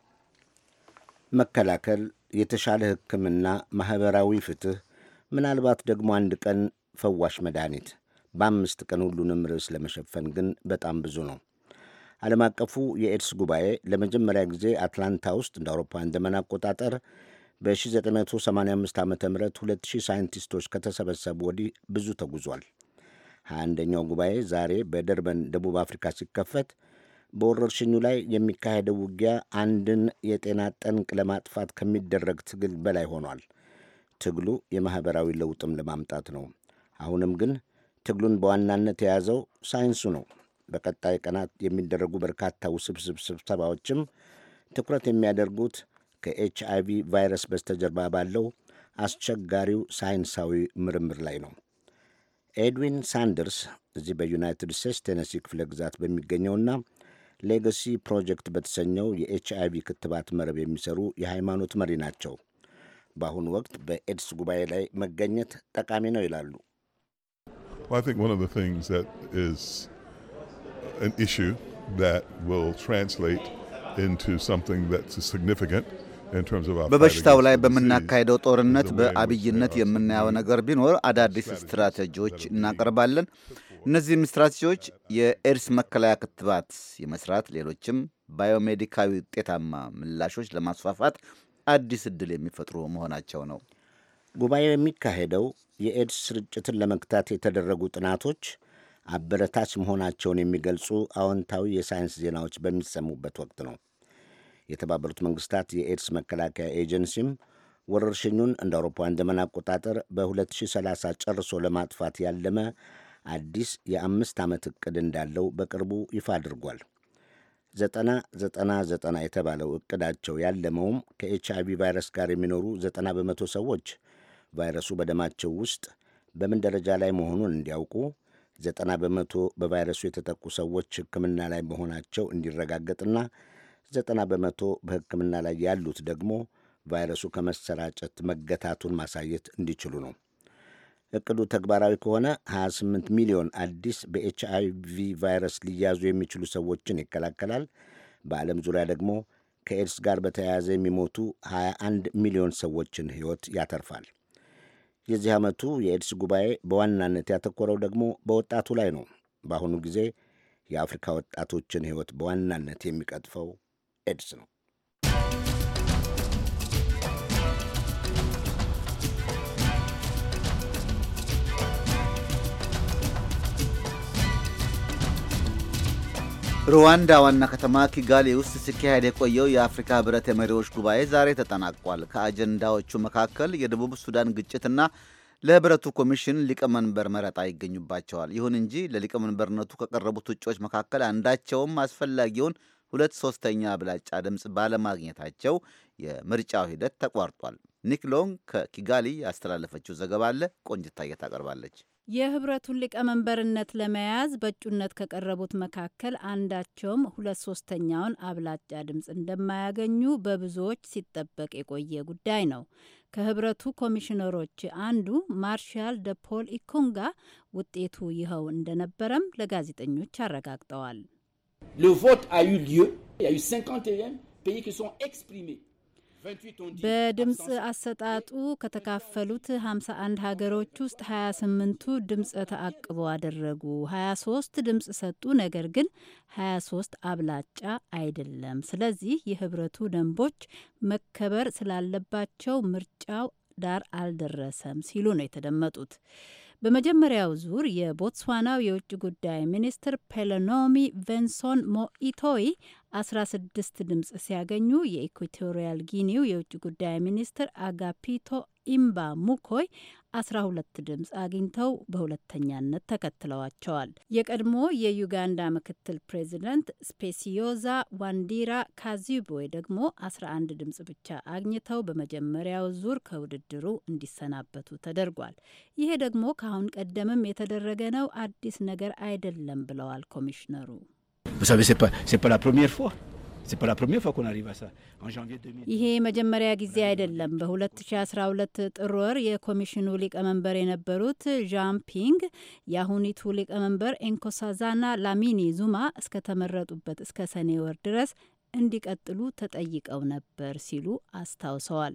መከላከል፣ የተሻለ ሕክምና፣ ማኅበራዊ ፍትሕ፣ ምናልባት ደግሞ አንድ ቀን ፈዋሽ መድኃኒት በአምስት ቀን ሁሉንም ርዕስ ለመሸፈን ግን በጣም ብዙ ነው። ዓለም አቀፉ የኤድስ ጉባኤ ለመጀመሪያ ጊዜ አትላንታ ውስጥ እንደ አውሮፓውያን ዘመን አቆጣጠር በ1985 ዓ ም 2000 ሳይንቲስቶች ከተሰበሰቡ ወዲህ ብዙ ተጉዟል። 21ኛው ጉባኤ ዛሬ በደርበን ደቡብ አፍሪካ ሲከፈት በወረርሽኙ ላይ የሚካሄደው ውጊያ አንድን የጤና ጠንቅ ለማጥፋት ከሚደረግ ትግል በላይ ሆኗል። ትግሉ የማኅበራዊ ለውጥም ለማምጣት ነው። አሁንም ግን ትግሉን በዋናነት የያዘው ሳይንሱ ነው። በቀጣይ ቀናት የሚደረጉ በርካታ ውስብስብ ስብሰባዎችም ትኩረት የሚያደርጉት ከኤች ቪ ቫይረስ በስተጀርባ ባለው አስቸጋሪው ሳይንሳዊ ምርምር ላይ ነው። ኤድዊን ሳንደርስ እዚህ በዩናይትድ ስቴትስ ቴነሲ ክፍለ ግዛት በሚገኘውና ሌጋሲ ፕሮጀክት በተሰኘው የኤች ቪ ክትባት መረብ የሚሰሩ የሃይማኖት መሪ ናቸው። በአሁኑ ወቅት በኤድስ ጉባኤ ላይ መገኘት ጠቃሚ ነው ይላሉ። ን በበሽታው ላይ በምናካሄደው ጦርነት በአብይነት የምናየው ነገር ቢኖር አዳዲስ ስትራቴጂዎች እናቀርባለን። እነዚህም ስትራቴጂዎች የኤድስ መከላያ ክትባት የመስራት ሌሎችም ባዮሜዲካዊ ውጤታማ ምላሾች ለማስፋፋት አዲስ እድል የሚፈጥሩ መሆናቸው ነው። ጉባኤው የሚካሄደው የኤድስ ስርጭትን ለመግታት የተደረጉ ጥናቶች አበረታች መሆናቸውን የሚገልጹ አዎንታዊ የሳይንስ ዜናዎች በሚሰሙበት ወቅት ነው። የተባበሩት መንግስታት የኤድስ መከላከያ ኤጀንሲም ወረርሽኙን እንደ አውሮፓውያን ዘመን አቆጣጠር በ2030 ጨርሶ ለማጥፋት ያለመ አዲስ የአምስት ዓመት እቅድ እንዳለው በቅርቡ ይፋ አድርጓል። ዘጠና ዘጠና ዘጠና የተባለው እቅዳቸው ያለመውም ከኤች ቪ ቫይረስ ጋር የሚኖሩ ዘጠና በመቶ ሰዎች ቫይረሱ በደማቸው ውስጥ በምን ደረጃ ላይ መሆኑን እንዲያውቁ፣ ዘጠና በመቶ በቫይረሱ የተጠቁ ሰዎች ሕክምና ላይ መሆናቸው እንዲረጋገጥና ዘጠና በመቶ በሕክምና ላይ ያሉት ደግሞ ቫይረሱ ከመሰራጨት መገታቱን ማሳየት እንዲችሉ ነው። እቅዱ ተግባራዊ ከሆነ 28 ሚሊዮን አዲስ በኤች አይ ቪ ቫይረስ ሊያዙ የሚችሉ ሰዎችን ይከላከላል። በዓለም ዙሪያ ደግሞ ከኤድስ ጋር በተያያዘ የሚሞቱ 21 ሚሊዮን ሰዎችን ሕይወት ያተርፋል። የዚህ ዓመቱ የኤድስ ጉባኤ በዋናነት ያተኮረው ደግሞ በወጣቱ ላይ ነው። በአሁኑ ጊዜ የአፍሪካ ወጣቶችን ሕይወት በዋናነት የሚቀጥፈው ኤድስ ነው። ሩዋንዳ ዋና ከተማ ኪጋሊ ውስጥ ሲካሄድ የቆየው የአፍሪካ ህብረት የመሪዎች ጉባኤ ዛሬ ተጠናቋል። ከአጀንዳዎቹ መካከል የደቡብ ሱዳን ግጭትና ለህብረቱ ኮሚሽን ሊቀመንበር መረጣ ይገኙባቸዋል። ይሁን እንጂ ለሊቀመንበርነቱ ከቀረቡት እጩዎች መካከል አንዳቸውም አስፈላጊውን ሁለት ሶስተኛ አብላጫ ድምፅ ባለማግኘታቸው የምርጫው ሂደት ተቋርጧል። ኒክ ሎንግ ከኪጋሊ ያስተላለፈችው ዘገባ አለ። ቆንጅታየ ታቀርባለች። የህብረቱን ሊቀመንበርነት ለመያዝ በእጩነት ከቀረቡት መካከል አንዳቸውም ሁለት ሶስተኛውን አብላጫ ድምፅ እንደማያገኙ በብዙዎች ሲጠበቅ የቆየ ጉዳይ ነው። ከህብረቱ ኮሚሽነሮች አንዱ ማርሻል ደፖል ኢኮንጋ ውጤቱ ይኸው እንደነበረም ለጋዜጠኞች አረጋግጠዋል። Le vote a eu lieu. Il y a eu 51 pays qui sont exprimés. በድምፅ አሰጣጡ ከተካፈሉት 51 ሀገሮች ውስጥ 28ቱ ድምፅ ተአቅቦ አደረጉ። 23 ድምፅ ሰጡ። ነገር ግን 23 አብላጫ አይደለም። ስለዚህ የህብረቱ ደንቦች መከበር ስላለባቸው ምርጫው ዳር አልደረሰም ሲሉ ነው የተደመጡት። በመጀመሪያው ዙር የቦትስዋናው የውጭ ጉዳይ ሚኒስትር ፔለኖሚ ቬንሶን ሞኢቶይ 16 ድምፅ ሲያገኙ የኢኳቶሪያል ጊኒው የውጭ ጉዳይ ሚኒስትር አጋፒቶ ኢምባ ሙኮይ 12 ድምፅ አግኝተው በሁለተኛነት ተከትለዋቸዋል። የቀድሞ የዩጋንዳ ምክትል ፕሬዚደንት ስፔሲዮዛ ዋንዲራ ካዚቦይ ደግሞ 11 ድምፅ ብቻ አግኝተው በመጀመሪያው ዙር ከውድድሩ እንዲሰናበቱ ተደርጓል። ይሄ ደግሞ ከአሁን ቀደምም የተደረገ ነው፣ አዲስ ነገር አይደለም ብለዋል ኮሚሽነሩ። ይሄ መጀመሪያ ጊዜ አይደለም። በ2012 ጥር ወር የኮሚሽኑ ሊቀመንበር የነበሩት ዣን ፒንግ የአሁኒቱ ሊቀመንበር ኤንኮሳዛና ላሚኒ ዙማ እስከተመረጡበት እስከ ሰኔ ወር ድረስ እንዲቀጥሉ ተጠይቀው ነበር ሲሉ አስታውሰዋል።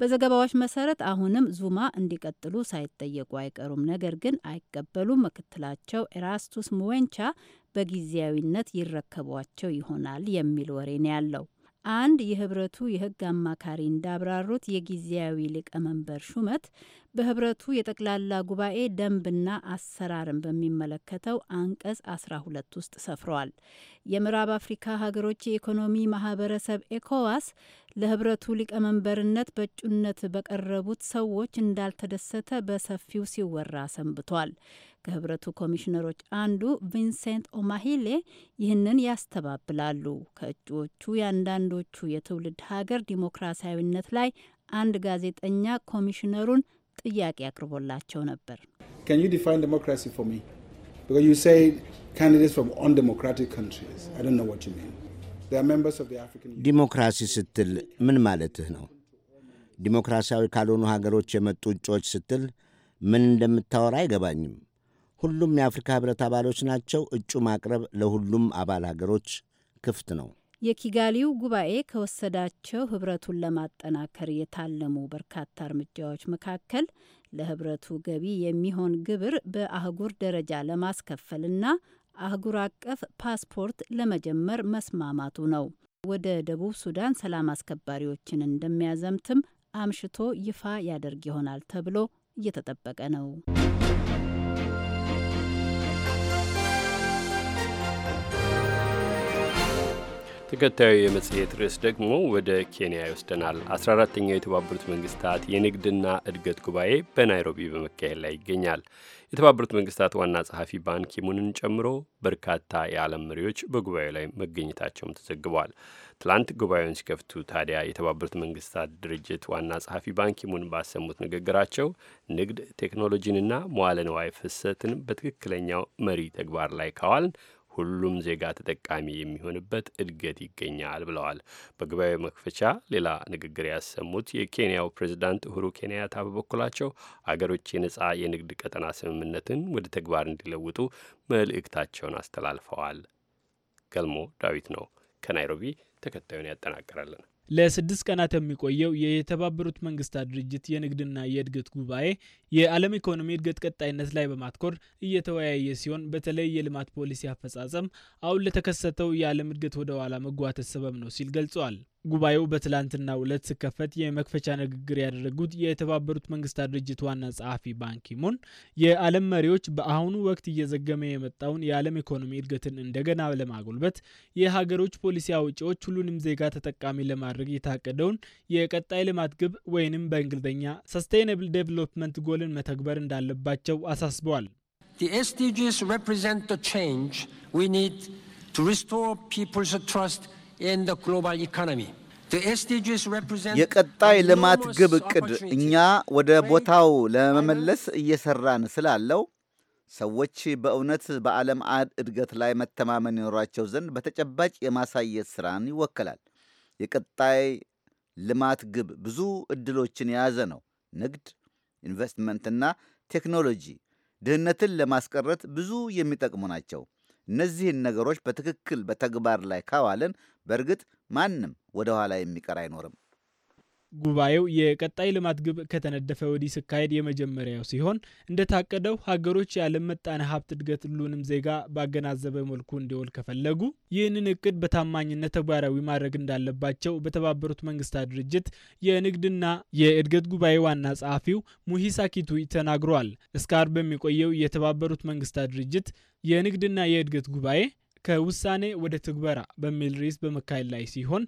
በዘገባዎች መሰረት አሁንም ዙማ እንዲቀጥሉ ሳይጠየቁ አይቀሩም። ነገር ግን አይቀበሉም። ምክትላቸው ኤራስቱስ ሙዌንቻ በጊዜያዊነት ይረከቧቸው ይሆናል የሚል ወሬ ነው ያለው። አንድ የህብረቱ የህግ አማካሪ እንዳብራሩት የጊዜያዊ ሊቀመንበር ሹመት በህብረቱ የጠቅላላ ጉባኤ ደንብና አሰራርን በሚመለከተው አንቀጽ 12 ውስጥ ሰፍረዋል። የምዕራብ አፍሪካ ሀገሮች የኢኮኖሚ ማህበረሰብ ኤኮዋስ ለህብረቱ ሊቀመንበርነት በእጩነት በቀረቡት ሰዎች እንዳልተደሰተ በሰፊው ሲወራ ሰንብቷል። ከህብረቱ ኮሚሽነሮች አንዱ ቪንሴንት ኦማሂሌ ይህንን ያስተባብላሉ። ከእጩዎቹ የአንዳንዶቹ የትውልድ ሀገር ዲሞክራሲያዊነት ላይ አንድ ጋዜጠኛ ኮሚሽነሩን ጥያቄ አቅርቦላቸው ነበር። ዲሞክራሲ ስትል ምን ማለትህ ነው? ዲሞክራሲያዊ ካልሆኑ ሀገሮች የመጡ እጩዎች ስትል ምን እንደምታወራ አይገባኝም። ሁሉም የአፍሪካ ህብረት አባሎች ናቸው። እጩ ማቅረብ ለሁሉም አባል ሀገሮች ክፍት ነው። የኪጋሊው ጉባኤ ከወሰዳቸው ህብረቱን ለማጠናከር የታለሙ በርካታ እርምጃዎች መካከል ለህብረቱ ገቢ የሚሆን ግብር በአህጉር ደረጃ ለማስከፈልና አህጉር አቀፍ ፓስፖርት ለመጀመር መስማማቱ ነው። ወደ ደቡብ ሱዳን ሰላም አስከባሪዎችን እንደሚያዘምትም አምሽቶ ይፋ ያደርግ ይሆናል ተብሎ እየተጠበቀ ነው። ተከታዩ የመጽሔት ርዕስ ደግሞ ወደ ኬንያ ይወስደናል። 14ተኛው የተባበሩት መንግስታት የንግድና እድገት ጉባኤ በናይሮቢ በመካሄድ ላይ ይገኛል። የተባበሩት መንግስታት ዋና ጸሐፊ ባንኪሙንን ኪሙንን ጨምሮ በርካታ የዓለም መሪዎች በጉባኤው ላይ መገኘታቸውም ተዘግቧል። ትላንት ጉባኤውን ሲከፍቱ ታዲያ የተባበሩት መንግስታት ድርጅት ዋና ጸሐፊ ባንኪሙን ኪሙን ባሰሙት ንግግራቸው ንግድ ቴክኖሎጂንና መዋለ ንዋይ ፍሰትን በትክክለኛው መሪ ተግባር ላይ ካዋልን ሁሉም ዜጋ ተጠቃሚ የሚሆንበት እድገት ይገኛል ብለዋል። በጉባኤው መክፈቻ ሌላ ንግግር ያሰሙት የኬንያው ፕሬዚዳንት ኡሁሩ ኬንያታ በበኩላቸው አገሮች የነጻ የንግድ ቀጠና ስምምነትን ወደ ተግባር እንዲለውጡ መልእክታቸውን አስተላልፈዋል። ገልሞ ዳዊት ነው ከናይሮቢ ተከታዩን ያጠናቀራለን። ለስድስት ቀናት የሚቆየው የተባበሩት መንግስታት ድርጅት የንግድና የእድገት ጉባኤ የዓለም ኢኮኖሚ እድገት ቀጣይነት ላይ በማትኮር እየተወያየ ሲሆን በተለይ የልማት ፖሊሲ አፈጻጸም አሁን ለተከሰተው የዓለም እድገት ወደ ኋላ መጓተት ሰበብ ነው ሲል ገልጿል። ጉባኤው በትላንትና ዕለት ሲከፈት የመክፈቻ ንግግር ያደረጉት የተባበሩት መንግስታት ድርጅት ዋና ጸሐፊ ባንኪሙን የዓለም መሪዎች በአሁኑ ወቅት እየዘገመ የመጣውን የዓለም ኢኮኖሚ እድገትን እንደገና ለማጎልበት የሀገሮች ፖሊሲ አውጪዎች ሁሉንም ዜጋ ተጠቃሚ ለማድረግ የታቀደውን የቀጣይ ልማት ግብ ወይንም በእንግሊዝኛ ሰስቴይነብል ዴቨሎፕመንት ጎልን መተግበር እንዳለባቸው አሳስበዋል። The SDGs represent the change የቀጣይ ልማት ግብ እቅድ እኛ ወደ ቦታው ለመመለስ እየሰራን ስላለው ሰዎች በእውነት በዓለም አድ እድገት ላይ መተማመን ይኖራቸው ዘንድ በተጨባጭ የማሳየት ሥራን ይወከላል። የቀጣይ ልማት ግብ ብዙ እድሎችን የያዘ ነው። ንግድ፣ ኢንቨስትመንትና ቴክኖሎጂ ድህነትን ለማስቀረት ብዙ የሚጠቅሙ ናቸው። እነዚህን ነገሮች በትክክል በተግባር ላይ ካዋለን በእርግጥ ማንም ወደ ኋላ የሚቀር አይኖርም። ጉባኤው የቀጣይ ልማት ግብ ከተነደፈ ወዲህ ሲካሄድ የመጀመሪያው ሲሆን እንደታቀደው ሀገሮች የዓለም ምጣኔ ሀብት እድገት ሁሉንም ዜጋ ባገናዘበ መልኩ እንዲውል ከፈለጉ ይህንን እቅድ በታማኝነት ተግባራዊ ማድረግ እንዳለባቸው በተባበሩት መንግስታት ድርጅት የንግድና የእድገት ጉባኤ ዋና ጸሐፊው ሙሂሳ ኪቱይ እስካር እስከ አርብ በሚቆየው የተባበሩት መንግስታት ድርጅት የንግድና የእድገት ጉባኤ ከውሳኔ ወደ ትግበራ በሚል ርዕስ በመካሄድ ላይ ሲሆን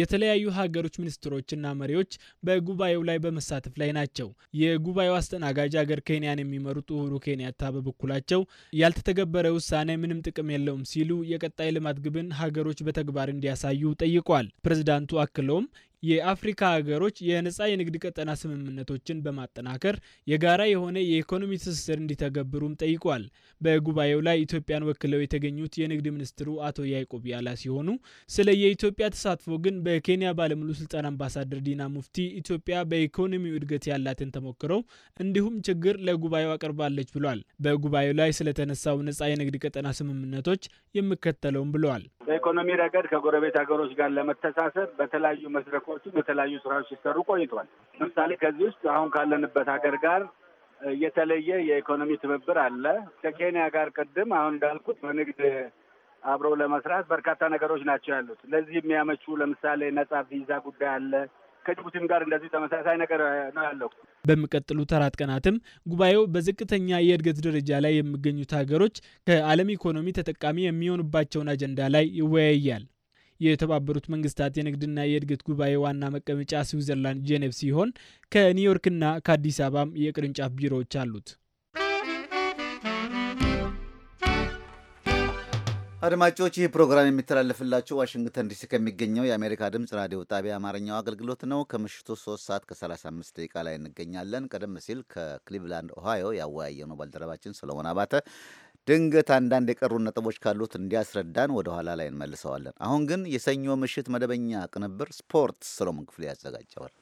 የተለያዩ ሀገሮች ሚኒስትሮችና መሪዎች በጉባኤው ላይ በመሳተፍ ላይ ናቸው። የጉባኤው አስተናጋጅ ሀገር ኬንያን የሚመሩት ኡሁሩ ኬንያታ በበኩላቸው ያልተተገበረ ውሳኔ ምንም ጥቅም የለውም ሲሉ የቀጣይ ልማት ግብን ሀገሮች በተግባር እንዲያሳዩ ጠይቋል። ፕሬዝዳንቱ አክለውም የአፍሪካ ሀገሮች የነጻ የንግድ ቀጠና ስምምነቶችን በማጠናከር የጋራ የሆነ የኢኮኖሚ ትስስር እንዲተገብሩም ጠይቋል። በጉባኤው ላይ ኢትዮጵያን ወክለው የተገኙት የንግድ ሚኒስትሩ አቶ ያዕቆብ ያላ ሲሆኑ ስለ የኢትዮጵያ ተሳትፎ ግን በኬንያ ባለሙሉ ስልጣን አምባሳደር ዲና ሙፍቲ ኢትዮጵያ በኢኮኖሚው እድገት ያላትን ተሞክረው እንዲሁም ችግር ለጉባኤው አቅርባለች ብሏል። በጉባኤው ላይ ስለተነሳው ነጻ የንግድ ቀጠና ስምምነቶች የሚከተለውም ብለዋል። በኢኮኖሚ ረገድ ከጎረቤት ሀገሮች ጋር ለመተሳሰብ በተለያዩ መድረኮችም የተለያዩ ስራዎች ሲሰሩ ቆይቷል። ለምሳሌ ከዚህ ውስጥ አሁን ካለንበት ሀገር ጋር የተለየ የኢኮኖሚ ትብብር አለ። ከኬንያ ጋር ቅድም አሁን እንዳልኩት በንግድ አብረው ለመስራት በርካታ ነገሮች ናቸው ያሉት። ለዚህ የሚያመቹ ለምሳሌ ነጻ ቪዛ ጉዳይ አለ። ከጅቡቲም ጋር እንደዚህ ተመሳሳይ ነገር ነው ያለው። በሚቀጥሉት አራት ቀናትም ጉባኤው በዝቅተኛ የእድገት ደረጃ ላይ የሚገኙት ሀገሮች ከዓለም ኢኮኖሚ ተጠቃሚ የሚሆኑባቸውን አጀንዳ ላይ ይወያያል። የተባበሩት መንግስታት የንግድና የእድገት ጉባኤ ዋና መቀመጫ ስዊዘርላንድ ጄኔቭ ሲሆን ከኒውዮርክና ከአዲስ አበባም የቅርንጫፍ ቢሮዎች አሉት። አድማጮች ይህ ፕሮግራም የሚተላለፍላችሁ ዋሽንግተን ዲሲ ከሚገኘው የአሜሪካ ድምፅ ራዲዮ ጣቢያ አማርኛው አገልግሎት ነው። ከምሽቱ 3 ሰዓት ከ35 ደቂቃ ላይ እንገኛለን። ቀደም ሲል ከክሊቭላንድ ኦሃዮ ያወያየነው ባልደረባችን ሰሎሞን አባተ ድንገት አንዳንድ የቀሩ ነጥቦች ካሉት እንዲያስረዳን ወደ ኋላ ላይ እንመልሰዋለን። አሁን ግን የሰኞ ምሽት መደበኛ ቅንብር ስፖርት ሰሎሞን ክፍሌ ያዘጋጀዋል።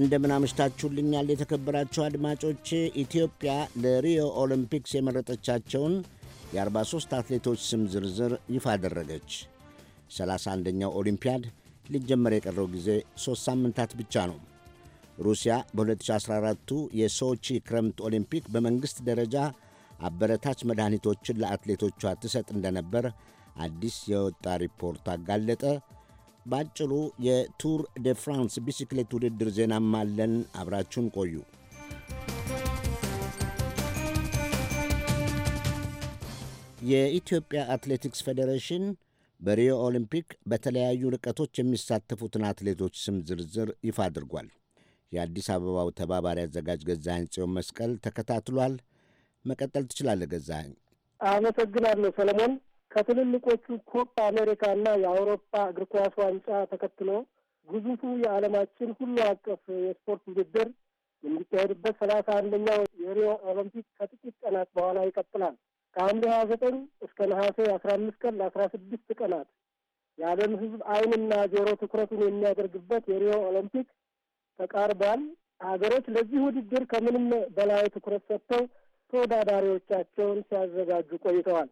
እንደምን አምሽታችሁልኛል የተከበራችሁ አድማጮች። ኢትዮጵያ ለሪዮ ኦሎምፒክስ የመረጠቻቸውን የ43 አትሌቶች ስም ዝርዝር ይፋ አደረገች። 31ኛው ኦሊምፒያድ ሊጀመር የቀረው ጊዜ ሦስት ሳምንታት ብቻ ነው። ሩሲያ በ2014ቱ የሶቺ ክረምት ኦሊምፒክ በመንግሥት ደረጃ አበረታች መድኃኒቶችን ለአትሌቶቿ ትሰጥ እንደነበር አዲስ የወጣ ሪፖርት አጋለጠ። በአጭሩ የቱር ደ ፍራንስ ቢሲክሌት ውድድር ዜናም አለን። አብራችሁን ቆዩ። የኢትዮጵያ አትሌቲክስ ፌዴሬሽን በሪዮ ኦሊምፒክ በተለያዩ ርቀቶች የሚሳተፉትን አትሌቶች ስም ዝርዝር ይፋ አድርጓል። የአዲስ አበባው ተባባሪ አዘጋጅ ገዛኸኝ ጽዮን መስቀል ተከታትሏል። መቀጠል ትችላለህ ገዛኸኝ። አመሰግናለሁ ሰለሞን። ከትልልቆቹ ኮፕ አሜሪካ እና የአውሮፓ እግር ኳስ ዋንጫ ተከትሎ ግዙፉ የዓለማችን ሁሉ አቀፍ የስፖርት ውድድር የሚካሄድበት ሰላሳ አንደኛው የሪዮ ኦሎምፒክ ከጥቂት ቀናት በኋላ ይቀጥላል። ከሐምሌ ሀያ ዘጠኝ እስከ ነሐሴ አስራ አምስት ቀን ለአስራ ስድስት ቀናት የዓለም ሕዝብ ዓይንና ጆሮ ትኩረቱን የሚያደርግበት የሪዮ ኦሎምፒክ ተቃርቧል። ሀገሮች ለዚህ ውድድር ከምንም በላይ ትኩረት ሰጥተው ተወዳዳሪዎቻቸውን ሲያዘጋጁ ቆይተዋል።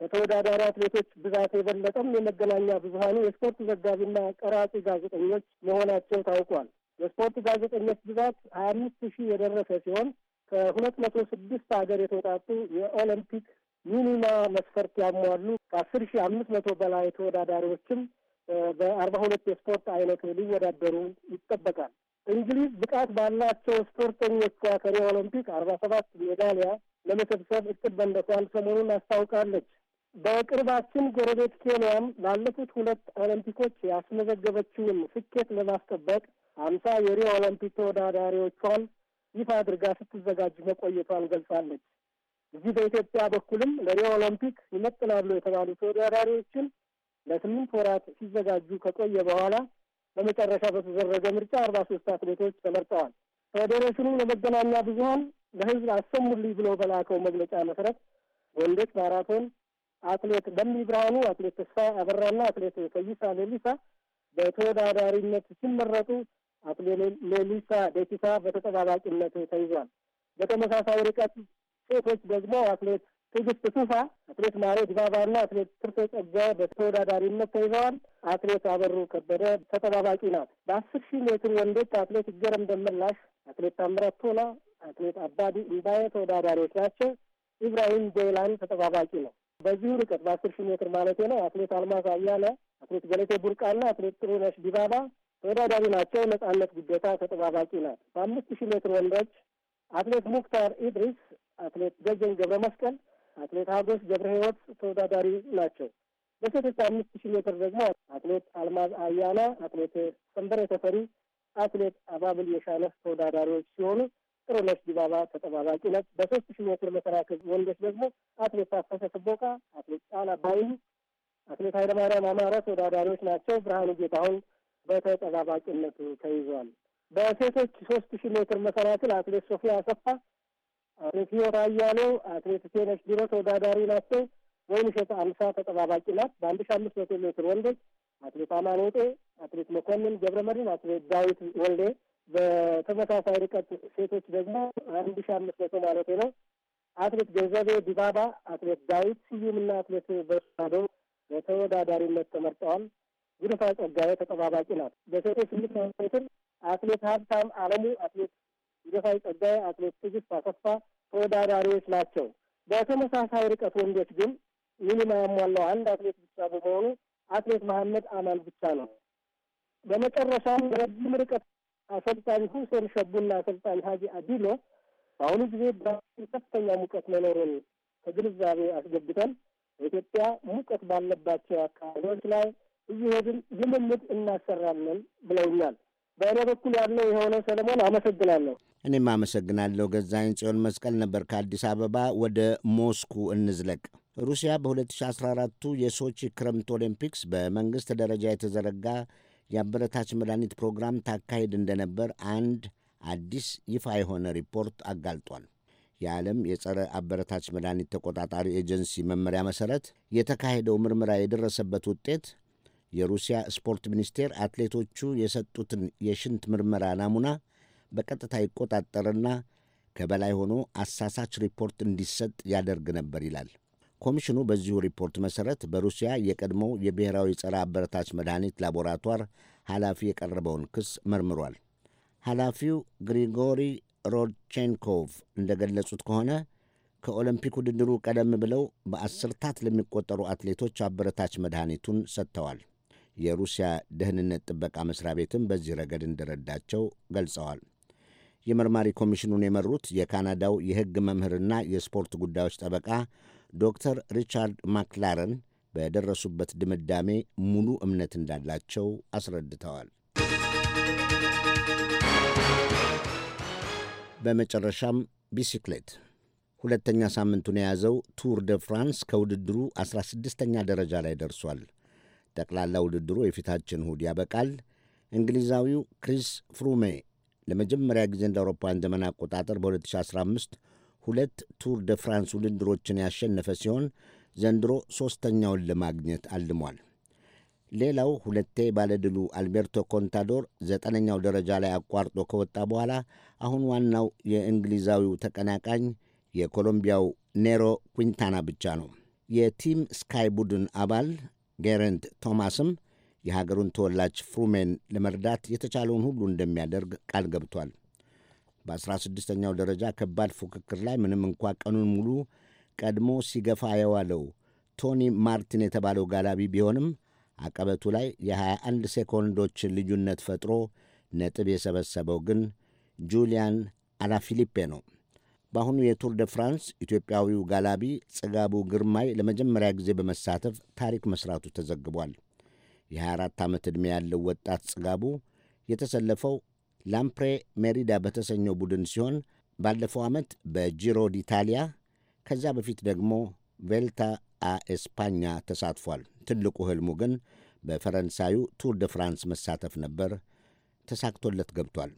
ከተወዳዳሪ አትሌቶች ብዛት የበለጠም የመገናኛ ብዙሀኑ የስፖርት ዘጋቢና ቀራጺ ጋዜጠኞች መሆናቸው ታውቋል። የስፖርት ጋዜጠኞች ብዛት ሀያ አምስት ሺህ የደረሰ ሲሆን ከሁለት መቶ ስድስት ሀገር የተውጣጡ የኦሎምፒክ ሚኒማ መስፈርት ያሟሉ ከአስር ሺህ አምስት መቶ በላይ ተወዳዳሪዎችም በአርባ ሁለት የስፖርት አይነት ሊወዳደሩ ይጠበቃል። እንግሊዝ ብቃት ባላቸው ስፖርተኞቿ ከሪዮ ኦሎምፒክ አርባ ሰባት ሜዳሊያ ለመሰብሰብ እቅድ በንደቷን ሰሞኑን አስታውቃለች። በቅርባችን ጎረቤት ኬንያም ላለፉት ሁለት ኦሎምፒኮች ያስመዘገበችውን ስኬት ለማስጠበቅ አምሳ የሪዮ ኦሎምፒክ ተወዳዳሪዎቿን ይፋ አድርጋ ስትዘጋጅ መቆየቷን ገልጻለች። እዚህ በኢትዮጵያ በኩልም ለሪዮ ኦሎምፒክ ይመጥናሉ የተባሉ ተወዳዳሪዎችን ለስምንት ወራት ሲዘጋጁ ከቆየ በኋላ በመጨረሻ በተደረገ ምርጫ አርባ ሶስት አትሌቶች ተመርጠዋል። ፌዴሬሽኑ ለመገናኛ ብዙኃን ለሕዝብ አሰሙልኝ ብሎ በላከው መግለጫ መሰረት ወንዶች ማራቶን አትሌት በሚ ብርሃኑ፣ አትሌት ተስፋ አበራና አትሌት ፈይሳ ሌሊሳ በተወዳዳሪነት ሲመረጡ አትሌት ሌሊሳ ደሲሳ በተጠባባቂነት ተይዟል። በተመሳሳይ ርቀት ሴቶች ደግሞ አትሌት ትዕግስት ቱፋ፣ አትሌት ማሬ ዲባባና አትሌት ትርፌ ጸጋ በተወዳዳሪነት ተይዘዋል። አትሌት አበሩ ከበደ ተጠባባቂ ናት። በአስር ሺህ ሜትር ወንዶች አትሌት ይገረም ደመላሽ፣ አትሌት ታምራት ቶላ፣ አትሌት አባዲ እምባዬ ተወዳዳሪዎች ናቸው። ኢብራሂም ጄይላን ተጠባባቂ ነው። በዚሁ ርቀት በአስር ሺህ ሜትር ማለት ነው አትሌት አልማዝ አያለ፣ አትሌት ገለቴ ቡርቃና አትሌት ጥሩነሽ ዲባባ ተወዳዳሪ ናቸው። ነጻነት ጉደታ ተጠባባቂ ናት። በአምስት ሺህ ሜትር ወንዶች አትሌት ሙክታር ኢድሪስ፣ አትሌት ደጀን ገብረ መስቀል፣ አትሌት ሀጎስ ገብረ ህይወት ተወዳዳሪ ናቸው። በሴቶች አምስት ሺህ ሜትር ደግሞ አትሌት አልማዝ አያና፣ አትሌት ሰንበሬ ተፈሪ፣ አትሌት አባብል የሻነፍ ተወዳዳሪዎች ሲሆኑ ጥሩነሽ ዲባባ ተጠባባቂ ናት። በሶስት ሺህ ሜትር መሰናክል ወንዶች ደግሞ አትሌት ታፈሰ ስቦቃ፣ አትሌት ጫላ ባይሉ፣ አትሌት ኃይለማርያም አማረ ተወዳዳሪዎች ናቸው። ብርሃኑ ጌታሁን በተጠባባቂነቱ ተይዟል። በሴቶች ሶስት ሺህ ሜትር መሰናክል አትሌት ሶፊያ አሰፋ፣ አትሌት ህይወት አያሌው፣ አትሌት ቴነሽ ቢሮ ተወዳዳሪ ናቸው። ወይንሸት አምሳ ተጠባባቂ ናት። በአንድ ሺህ አምስት መቶ ሜትር ወንዶች አትሌት አማን ወጤ፣ አትሌት መኮንን ገብረመድህን፣ አትሌት ዳዊት ወልዴ በተመሳሳይ ርቀት ሴቶች ደግሞ አንድ ሺ አምስት መቶ ማለት ነው አትሌት ገንዘቤ ዲባባ፣ አትሌት ዳዊት ስዩም ስዩምና አትሌት በሳዶ በተወዳዳሪነት ተመርጠዋል። ጉድፋ ጸጋዬ ተጠባባቂ ናት። በሴቶች ስምንት መቶ ሜትር አትሌት ሀብታም አለሙ፣ አትሌት ጉድፋ ጸጋዬ፣ አትሌት ትዕግስት አሰፋ ተወዳዳሪዎች ናቸው። በተመሳሳይ ርቀት ወንዶች ግን ሚኒማ ያሟላው አንድ አትሌት ብቻ በመሆኑ አትሌት መሐመድ አማን ብቻ ነው። በመጨረሻም ረጅም ርቀት አሰልጣኝ ሁሴን ሸቡና አሰልጣኝ ሀጂ አዲሎ በአሁኑ ጊዜ ከፍተኛ ሙቀት መኖሩን ከግንዛቤ አስገብተን በኢትዮጵያ ሙቀት ባለባቸው አካባቢዎች ላይ እየሄድን ልምምድ እናሰራለን ብለውኛል። በእኔ በኩል ያለው የሆነ ሰለሞን አመሰግናለሁ። እኔም አመሰግናለሁ። ገዛኝ ጽዮን መስቀል ነበር። ከአዲስ አበባ ወደ ሞስኩ እንዝለቅ። ሩሲያ በ2014ቱ የሶቺ ክረምት ኦሊምፒክስ በመንግሥት ደረጃ የተዘረጋ የአበረታች መድኃኒት ፕሮግራም ታካሄድ እንደነበር አንድ አዲስ ይፋ የሆነ ሪፖርት አጋልጧል። የዓለም የጸረ አበረታች መድኃኒት ተቆጣጣሪ ኤጀንሲ መመሪያ መሠረት የተካሄደው ምርመራ የደረሰበት ውጤት የሩሲያ ስፖርት ሚኒስቴር አትሌቶቹ የሰጡትን የሽንት ምርመራ ናሙና በቀጥታ ይቆጣጠርና ከበላይ ሆኖ አሳሳች ሪፖርት እንዲሰጥ ያደርግ ነበር ይላል። ኮሚሽኑ በዚሁ ሪፖርት መሠረት በሩሲያ የቀድሞው የብሔራዊ ጸረ አበረታች መድኃኒት ላቦራቷር ኃላፊ የቀረበውን ክስ መርምሯል። ኃላፊው ግሪጎሪ ሮድቼንኮቭ እንደገለጹት ከሆነ ከኦሎምፒክ ውድድሩ ቀደም ብለው በአስርታት ለሚቆጠሩ አትሌቶች አበረታች መድኃኒቱን ሰጥተዋል። የሩሲያ ደህንነት ጥበቃ መስሪያ ቤትም በዚህ ረገድ እንደረዳቸው ገልጸዋል። የመርማሪ ኮሚሽኑን የመሩት የካናዳው የሕግ መምህርና የስፖርት ጉዳዮች ጠበቃ ዶክተር ሪቻርድ ማክላረን በደረሱበት ድምዳሜ ሙሉ እምነት እንዳላቸው አስረድተዋል። በመጨረሻም ቢሲክሌት ሁለተኛ ሳምንቱን የያዘው ቱር ደ ፍራንስ ከውድድሩ 16ኛ ደረጃ ላይ ደርሷል። ጠቅላላ ውድድሩ የፊታችን እሁድ ያበቃል። እንግሊዛዊው ክሪስ ፍሩሜ ለመጀመሪያ ጊዜ እንደ አውሮፓውያን ዘመን አቆጣጠር በ2015 ሁለት ቱር ደ ፍራንስ ውድድሮችን ያሸነፈ ሲሆን ዘንድሮ ሦስተኛውን ለማግኘት አልሟል። ሌላው ሁለቴ ባለድሉ አልቤርቶ ኮንታዶር ዘጠነኛው ደረጃ ላይ አቋርጦ ከወጣ በኋላ አሁን ዋናው የእንግሊዛዊው ተቀናቃኝ የኮሎምቢያው ኔሮ ኩንታና ብቻ ነው። የቲም ስካይ ቡድን አባል ጌረንት ቶማስም የሀገሩን ተወላጅ ፍሩሜን ለመርዳት የተቻለውን ሁሉ እንደሚያደርግ ቃል ገብቷል። በ16ኛው ደረጃ ከባድ ፉክክር ላይ ምንም እንኳ ቀኑን ሙሉ ቀድሞ ሲገፋ የዋለው ቶኒ ማርቲን የተባለው ጋላቢ ቢሆንም አቀበቱ ላይ የ21 ሴኮንዶች ልዩነት ፈጥሮ ነጥብ የሰበሰበው ግን ጁሊያን አላፊሊፔ ነው። በአሁኑ የቱር ደ ፍራንስ ኢትዮጵያዊው ጋላቢ ጽጋቡ ግርማይ ለመጀመሪያ ጊዜ በመሳተፍ ታሪክ መሥራቱ ተዘግቧል። የ24 ዓመት ዕድሜ ያለው ወጣት ጽጋቡ የተሰለፈው ላምፕሬ ሜሪዳ በተሰኘው ቡድን ሲሆን ባለፈው ዓመት በጂሮ ዲታሊያ ከዛ በፊት ደግሞ ቬልታ አ ኤስፓኛ ተሳትፏል። ትልቁ ህልሙ ግን በፈረንሳዩ ቱር ደ ፍራንስ መሳተፍ ነበር። ተሳክቶለት ገብቷል።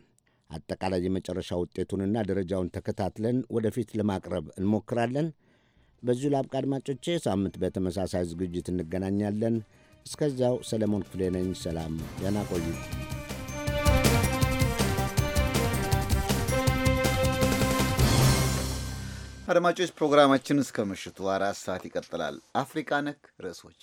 አጠቃላይ የመጨረሻ ውጤቱንና ደረጃውን ተከታትለን ወደፊት ለማቅረብ እንሞክራለን። በዚሁ ላብቃ አድማጮቼ። ሳምንት በተመሳሳይ ዝግጅት እንገናኛለን። እስከዚያው ሰለሞን ክፍሌ ነኝ። ሰላም፣ ደህና ቆዩ። አድማጮች ፕሮግራማችን እስከ ምሽቱ አራት ሰዓት ይቀጥላል። አፍሪካ ነክ ርዕሶች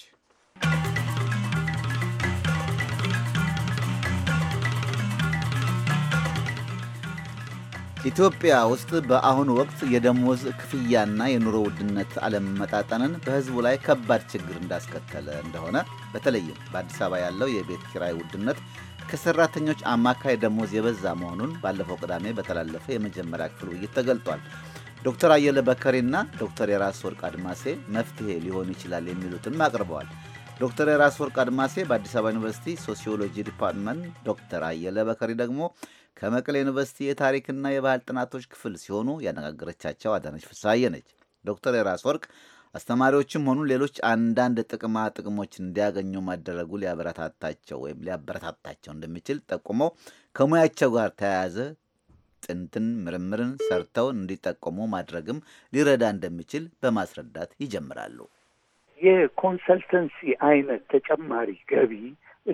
ኢትዮጵያ ውስጥ በአሁኑ ወቅት የደሞዝ ክፍያና የኑሮ ውድነት አለመመጣጠንን በሕዝቡ ላይ ከባድ ችግር እንዳስከተለ እንደሆነ በተለይም በአዲስ አበባ ያለው የቤት ኪራይ ውድነት ከሰራተኞች አማካይ ደሞዝ የበዛ መሆኑን ባለፈው ቅዳሜ በተላለፈ የመጀመሪያ ክፍል ውይይት ተገልጧል። ዶክተር አየለ በከሬና ዶክተር የራስ ወርቅ አድማሴ መፍትሄ ሊሆን ይችላል የሚሉትም አቅርበዋል። ዶክተር የራስ ወርቅ አድማሴ በአዲስ አበባ ዩኒቨርሲቲ ሶሲዮሎጂ ዲፓርትመንት፣ ዶክተር አየለ በከሪ ደግሞ ከመቀሌ ዩኒቨርሲቲ የታሪክና የባህል ጥናቶች ክፍል ሲሆኑ ያነጋገረቻቸው አዳነች ፍስሐዬ ነች። ዶክተር የራስ ወርቅ አስተማሪዎችም ሆኑ ሌሎች አንዳንድ ጥቅማ ጥቅሞች እንዲያገኙ ማደረጉ ሊያበረታታቸው ወይም ሊያበረታታቸው እንደሚችል ጠቁመው ከሙያቸው ጋር ተያያዘ ጥንትን ምርምርን ሰርተው እንዲጠቀሙ ማድረግም ሊረዳ እንደሚችል በማስረዳት ይጀምራሉ። የኮንሰልተንሲ አይነት ተጨማሪ ገቢ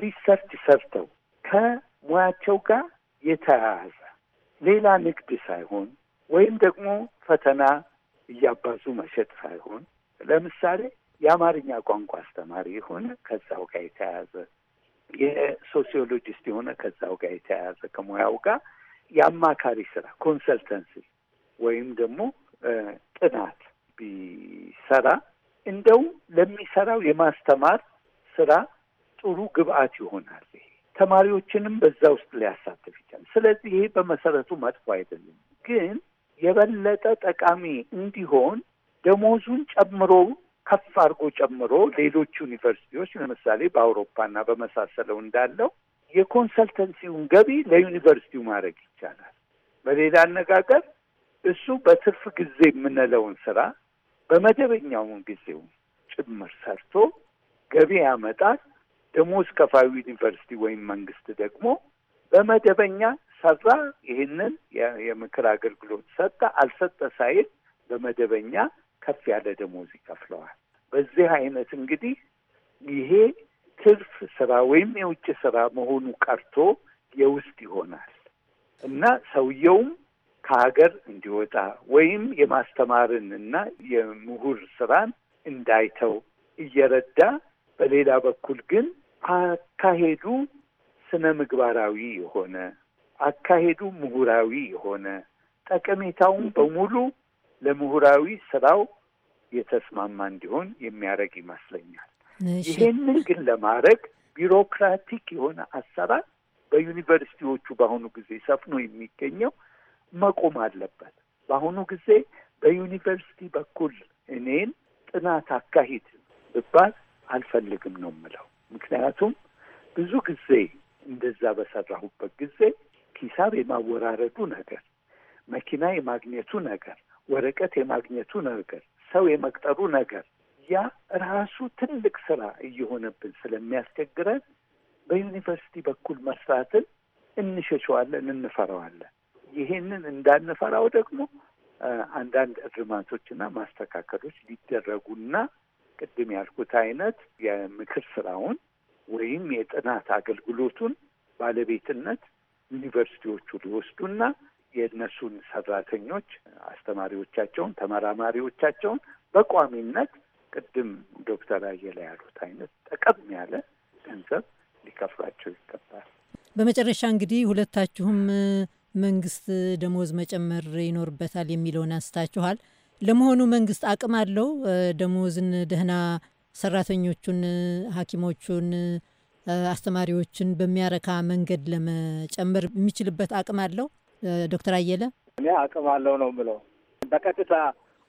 ሪሰርች ሰርተው ከሙያቸው ጋር የተያያዘ ሌላ ንግድ ሳይሆን ወይም ደግሞ ፈተና እያባዙ መሸጥ ሳይሆን ለምሳሌ የአማርኛ ቋንቋ አስተማሪ የሆነ ከዛው ጋር የተያያዘ የሶሲዮሎጂስት የሆነ ከዛው ጋር የተያያዘ ከሙያው ጋር የአማካሪ ስራ ኮንሰልተንሲ ወይም ደግሞ ጥናት ቢሰራ እንደውም ለሚሰራው የማስተማር ስራ ጥሩ ግብአት ይሆናል። ተማሪዎችንም በዛ ውስጥ ሊያሳትፍ ይቻላል። ስለዚህ ይሄ በመሰረቱ መጥፎ አይደለም፣ ግን የበለጠ ጠቃሚ እንዲሆን ደሞዙን ጨምሮ ከፍ አድርጎ ጨምሮ ሌሎች ዩኒቨርሲቲዎች ለምሳሌ በአውሮፓና በመሳሰለው እንዳለው የኮንሰልተንሲውን ገቢ ለዩኒቨርሲቲው ማድረግ ይቻላል። በሌላ አነጋገር እሱ በትርፍ ጊዜ የምንለውን ስራ በመደበኛውን ጊዜው ጭምር ሰርቶ ገቢ ያመጣል። ደሞዝ ከፋዩ ዩኒቨርሲቲ ወይም መንግስት ደግሞ በመደበኛ ሰራ፣ ይህንን የምክር አገልግሎት ሰጠ አልሰጠ ሳይል በመደበኛ ከፍ ያለ ደሞዝ ይከፍለዋል። በዚህ አይነት እንግዲህ ይሄ ትርፍ ስራ ወይም የውጭ ስራ መሆኑ ቀርቶ የውስጥ ይሆናል እና ሰውየውም ከሀገር እንዲወጣ ወይም የማስተማርን እና የምሁር ስራን እንዳይተው እየረዳ በሌላ በኩል ግን አካሄዱ ስነ ምግባራዊ የሆነ አካሄዱ ምሁራዊ የሆነ ጠቀሜታውን በሙሉ ለምሁራዊ ስራው የተስማማ እንዲሆን የሚያደርግ ይመስለኛል። ይሄንን ግን ለማድረግ ቢሮክራቲክ የሆነ አሰራር በዩኒቨርሲቲዎቹ በአሁኑ ጊዜ ሰፍኖ የሚገኘው መቆም አለበት። በአሁኑ ጊዜ በዩኒቨርሲቲ በኩል እኔን ጥናት አካሂድ ብባል አልፈልግም ነው የምለው። ምክንያቱም ብዙ ጊዜ እንደዛ በሰራሁበት ጊዜ ሂሳብ የማወራረዱ ነገር፣ መኪና የማግኘቱ ነገር፣ ወረቀት የማግኘቱ ነገር፣ ሰው የመቅጠሩ ነገር ያ ራሱ ትልቅ ስራ እየሆነብን ስለሚያስቸግረን በዩኒቨርሲቲ በኩል መስራትን እንሸሸዋለን፣ እንፈራዋለን። ይሄንን እንዳንፈራው ደግሞ አንዳንድ እርማቶችና ማስተካከሎች ሊደረጉና ቅድም ያልኩት አይነት የምክር ስራውን ወይም የጥናት አገልግሎቱን ባለቤትነት ዩኒቨርሲቲዎቹ ሊወስዱና የእነሱን ሰራተኞች አስተማሪዎቻቸውን፣ ተመራማሪዎቻቸውን በቋሚነት ቅድም ዶክተር አየለ ያሉት አይነት ጠቀም ያለ ገንዘብ ሊከፍላቸው ይገባል። በመጨረሻ እንግዲህ ሁለታችሁም መንግስት ደሞዝ መጨመር ይኖርበታል የሚለውን አንስታችኋል። ለመሆኑ መንግስት አቅም አለው ደሞዝን ደህና ሰራተኞቹን፣ ሐኪሞቹን፣ አስተማሪዎችን በሚያረካ መንገድ ለመጨመር የሚችልበት አቅም አለው? ዶክተር አየለ እኔ አቅም አለው ነው ብለው በቀጥታ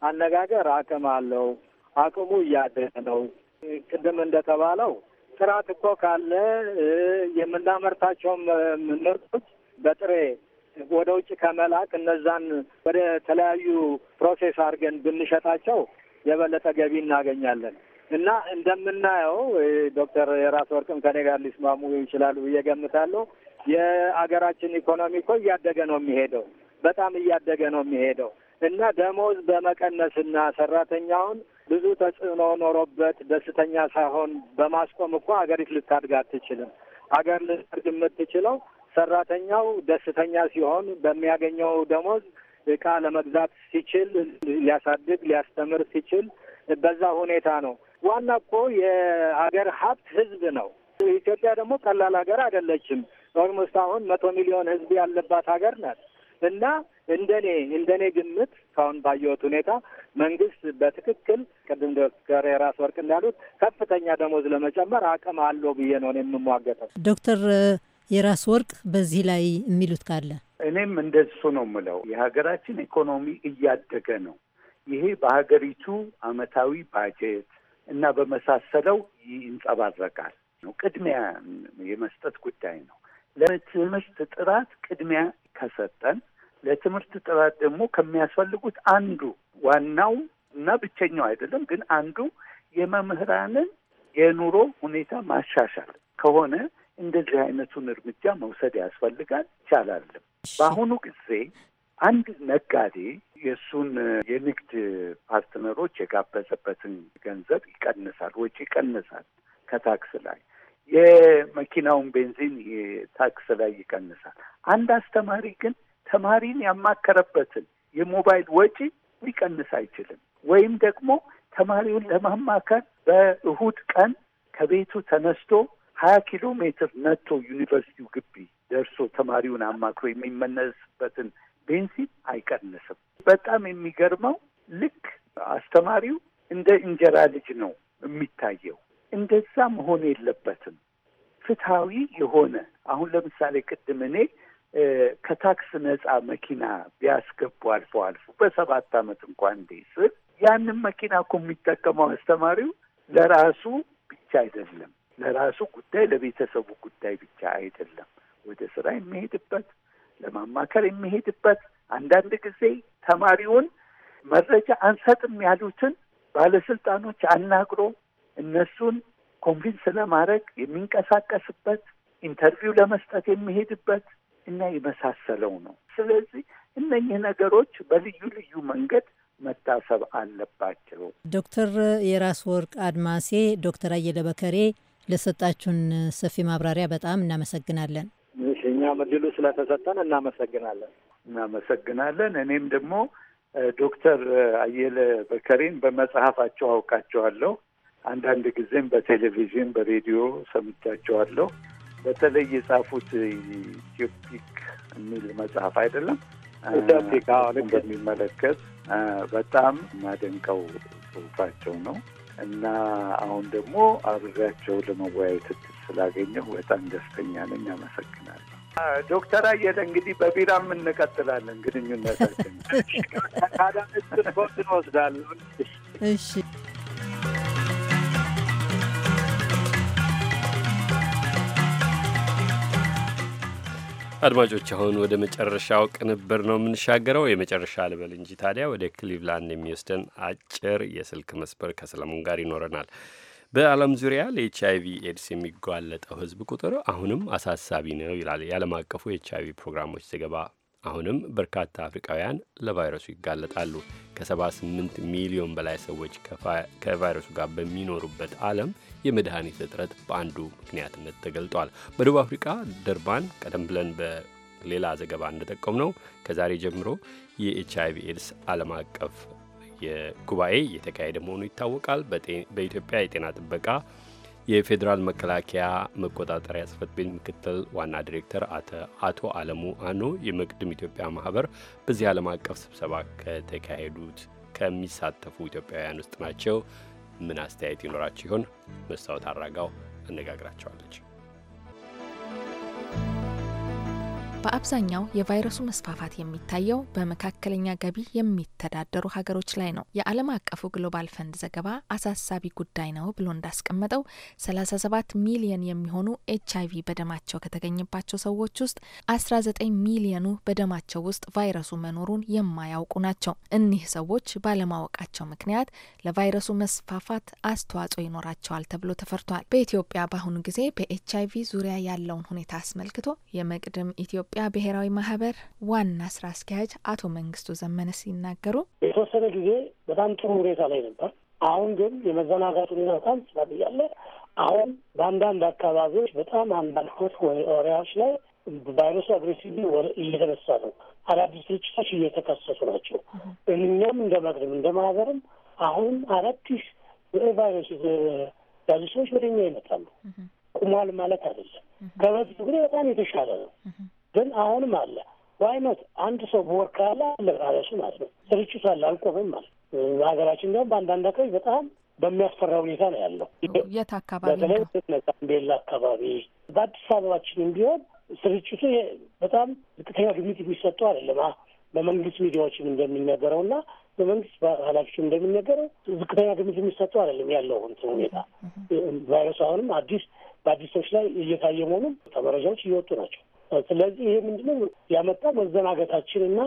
አነጋገር አቅም አለው አቅሙ እያደገ ነው። ቅድም እንደተባለው ጥራት እኮ ካለ የምናመርታቸው ምርቶች በጥሬ ወደ ውጭ ከመላክ እነዛን ወደ ተለያዩ ፕሮሴስ አድርገን ብንሸጣቸው የበለጠ ገቢ እናገኛለን እና እንደምናየው ዶክተር የራስ ወርቅም ከኔ ጋር ሊስማሙ ይችላሉ ብዬ ገምታለሁ። የአገራችን ኢኮኖሚ እኮ እያደገ ነው የሚሄደው፣ በጣም እያደገ ነው የሚሄደው እና ደሞዝ በመቀነስና ሰራተኛውን ብዙ ተጽዕኖ ኖሮበት ደስተኛ ሳይሆን በማስቆም እኮ አገሪት ልታድግ አትችልም። አገር ልታድግ የምትችለው ሰራተኛው ደስተኛ ሲሆን በሚያገኘው ደሞዝ እቃ ለመግዛት ሲችል፣ ሊያሳድግ ሊያስተምር ሲችል በዛ ሁኔታ ነው። ዋና እኮ የሀገር ሀብት ህዝብ ነው። ኢትዮጵያ ደግሞ ቀላል ሀገር አይደለችም። ኦልሞስት አሁን መቶ ሚሊዮን ህዝብ ያለባት ሀገር ናት እና እንደኔ እንደኔ ግምት ካሁን ባየሁት ሁኔታ መንግስት በትክክል ቅድም ዶክተር የራስ ወርቅ እንዳሉት ከፍተኛ ደሞዝ ለመጨመር አቅም አለው ብዬ ነው የምሟገተው። ዶክተር የራስ ወርቅ በዚህ ላይ የሚሉት ካለ እኔም እንደሱ ነው የምለው። የሀገራችን ኢኮኖሚ እያደገ ነው። ይሄ በሀገሪቱ አመታዊ ባጀት እና በመሳሰለው ይንጸባረቃል ነው። ቅድሚያ የመስጠት ጉዳይ ነው። ለትምህርት ጥራት ቅድሚያ ከሰጠን ለትምህርት ጥራት ደግሞ ከሚያስፈልጉት አንዱ ዋናው እና ብቸኛው አይደለም ግን አንዱ የመምህራንን የኑሮ ሁኔታ ማሻሻል ከሆነ እንደዚህ አይነቱን እርምጃ መውሰድ ያስፈልጋል። ይቻላልም። በአሁኑ ጊዜ አንድ ነጋዴ የእሱን የንግድ ፓርትነሮች የጋበዘበትን ገንዘብ ይቀንሳል፣ ወጪ ይቀንሳል ከታክስ ላይ የመኪናውን ቤንዚን ታክስ ላይ ይቀንሳል። አንድ አስተማሪ ግን ተማሪን ያማከረበትን የሞባይል ወጪ ሊቀንስ አይችልም። ወይም ደግሞ ተማሪውን ለማማከር በእሁድ ቀን ከቤቱ ተነስቶ ሀያ ኪሎ ሜትር ነቶ ዩኒቨርሲቲው ግቢ ደርሶ ተማሪውን አማክሮ የሚመነስበትን ቤንዚን አይቀንስም። በጣም የሚገርመው ልክ አስተማሪው እንደ እንጀራ ልጅ ነው የሚታየው። እንደዛ መሆን የለበትም። ፍትሐዊ የሆነ አሁን ለምሳሌ ቅድም እኔ ከታክስ ነጻ መኪና ቢያስገቡ አልፎ አልፎ በሰባት ዓመት እንኳን ስል ያንን መኪና እኮ የሚጠቀመው አስተማሪው ለራሱ ብቻ አይደለም፣ ለራሱ ጉዳይ ለቤተሰቡ ጉዳይ ብቻ አይደለም። ወደ ስራ የሚሄድበት ለማማከር የሚሄድበት አንዳንድ ጊዜ ተማሪውን መረጃ አንሰጥም ያሉትን ባለስልጣኖች አናግሮ እነሱን ኮንቪንስ ለማድረግ የሚንቀሳቀስበት ኢንተርቪው ለመስጠት የሚሄድበት እና የመሳሰለው ነው። ስለዚህ እነኚህ ነገሮች በልዩ ልዩ መንገድ መታሰብ አለባቸው። ዶክተር የራስ ወርቅ አድማሴ፣ ዶክተር አየለ በከሬ ለሰጣችሁን ሰፊ ማብራሪያ በጣም እናመሰግናለን። እኛም ምድሉ ስለተሰጠን እናመሰግናለን። እናመሰግናለን። እኔም ደግሞ ዶክተር አየለ በከሬን በመጽሐፋቸው አውቃቸዋለሁ። አንዳንድ ጊዜም በቴሌቪዥን በሬዲዮ ሰምቻቸዋለሁ። በተለይ የጻፉት ኢትዮፒክ የሚል መጽሐፍ አይደለም በሚመለከት በጣም የማደንቀው ጽሁፋቸው ነው እና አሁን ደግሞ አብሬያቸው ለመወያየት እድል ስላገኘሁ በጣም ደስተኛ ነኝ። አመሰግናለሁ። ዶክተር አየለ እንግዲህ በቢራም እንቀጥላለን ግንኙነታችን ካዳምትን *laughs* ቦት እንወስዳለን። እሺ አድማጮች አሁን ወደ መጨረሻው ቅንብር ነው የምንሻገረው። የመጨረሻ ልበል እንጂ ታዲያ ወደ ክሊቭላንድ የሚወስደን አጭር የስልክ መስበር ከሰለሞን ጋር ይኖረናል። በዓለም ዙሪያ ለኤች አይቪ ኤድስ የሚጓለጠው ሕዝብ ቁጥር አሁንም አሳሳቢ ነው ይላል የዓለም አቀፉ የኤች አይቪ ፕሮግራሞች ዘገባ። አሁንም በርካታ አፍሪካውያን ለቫይረሱ ይጋለጣሉ። ከ78 ሚሊዮን በላይ ሰዎች ከቫይረሱ ጋር በሚኖሩበት ዓለም የመድኃኒት እጥረት በአንዱ ምክንያትነት ተገልጧል። በደቡብ አፍሪካ ደርባን ቀደም ብለን በሌላ ዘገባ እንደጠቆም ነው ከዛሬ ጀምሮ የኤች አይቪ ኤድስ ዓለም አቀፍ ጉባኤ እየተካሄደ መሆኑ ይታወቃል። በኢትዮጵያ የጤና ጥበቃ የፌዴራል መከላከያ መቆጣጠሪያ ጽህፈት ቤት ምክትል ዋና ዲሬክተር አቶ አለሙ አኖ የመቅድም ኢትዮጵያ ማህበር በዚህ ዓለም አቀፍ ስብሰባ ከተካሄዱት ከሚሳተፉ ኢትዮጵያውያን ውስጥ ናቸው። ምን አስተያየት ይኖራቸው ይሆን? መስታወት አራጋው አነጋግራቸዋለች። በአብዛኛው የቫይረሱ መስፋፋት የሚታየው በመካከለኛ ገቢ የሚተዳደሩ ሀገሮች ላይ ነው። የዓለም አቀፉ ግሎባል ፈንድ ዘገባ አሳሳቢ ጉዳይ ነው ብሎ እንዳስቀመጠው 37 ሚሊየን የሚሆኑ ኤች አይቪ በደማቸው ከተገኘባቸው ሰዎች ውስጥ 19 ሚሊየኑ በደማቸው ውስጥ ቫይረሱ መኖሩን የማያውቁ ናቸው። እኒህ ሰዎች ባለማወቃቸው ምክንያት ለቫይረሱ መስፋፋት አስተዋጽኦ ይኖራቸዋል ተብሎ ተፈርቷል። በኢትዮጵያ በአሁኑ ጊዜ በኤች አይቪ ዙሪያ ያለውን ሁኔታ አስመልክቶ የመቅድም ኢትዮጵያ የኢትዮጵያ ብሔራዊ ማህበር ዋና ስራ አስኪያጅ አቶ መንግስቱ ዘመነ ሲናገሩ የተወሰነ ጊዜ በጣም ጥሩ ሁኔታ ላይ ነበር። አሁን ግን የመዘናጋት ሁኔታ በጣም ስላል ስላለ አሁን በአንዳንድ አካባቢዎች በጣም አንዳንድ ኮት ወሪያዎች ላይ ቫይረሱ አግሬሲቭ እየተነሳ ነው። አዳዲስ ስርጭቶች እየተከሰቱ ናቸው። እኛም እንደ መቅድም እንደ ማህበርም አሁን አዳዲስ ቫይረሱ ያሉ ሰዎች ወደ ይመጣሉ። ቁሟል ማለት አይደለም። ከበፊቱ ግን በጣም የተሻለ ነው። ግን አሁንም አለ ዋይኖት አንድ ሰው በወር ካለ አለ ራሱ ማለት ነው። ስርጭቱ አለ አልቆምም ማለት በሀገራችን እንዲያውም በአንዳንድ አካባቢ በጣም በሚያስፈራ ሁኔታ ነው ያለው። የት አካባቢ? በተለይ ጋምቤላ አካባቢ፣ በአዲስ አበባችንም ቢሆን ስርጭቱ በጣም ዝቅተኛ ግምት የሚሰጠው አይደለም። በመንግስት ሚዲያዎችም እንደሚነገረው እና በመንግስት ኃላፊዎችም እንደሚነገረው ዝቅተኛ ግምት የሚሰጠው አይደለም ያለው እንትን ሁኔታ ቫይረሱ አሁንም አዲስ በአዲሶች ላይ እየታየ መሆኑም ተመረጃዎች እየወጡ ናቸው። ስለዚህ ይሄ ምንድነው ያመጣው መዘናገታችን እና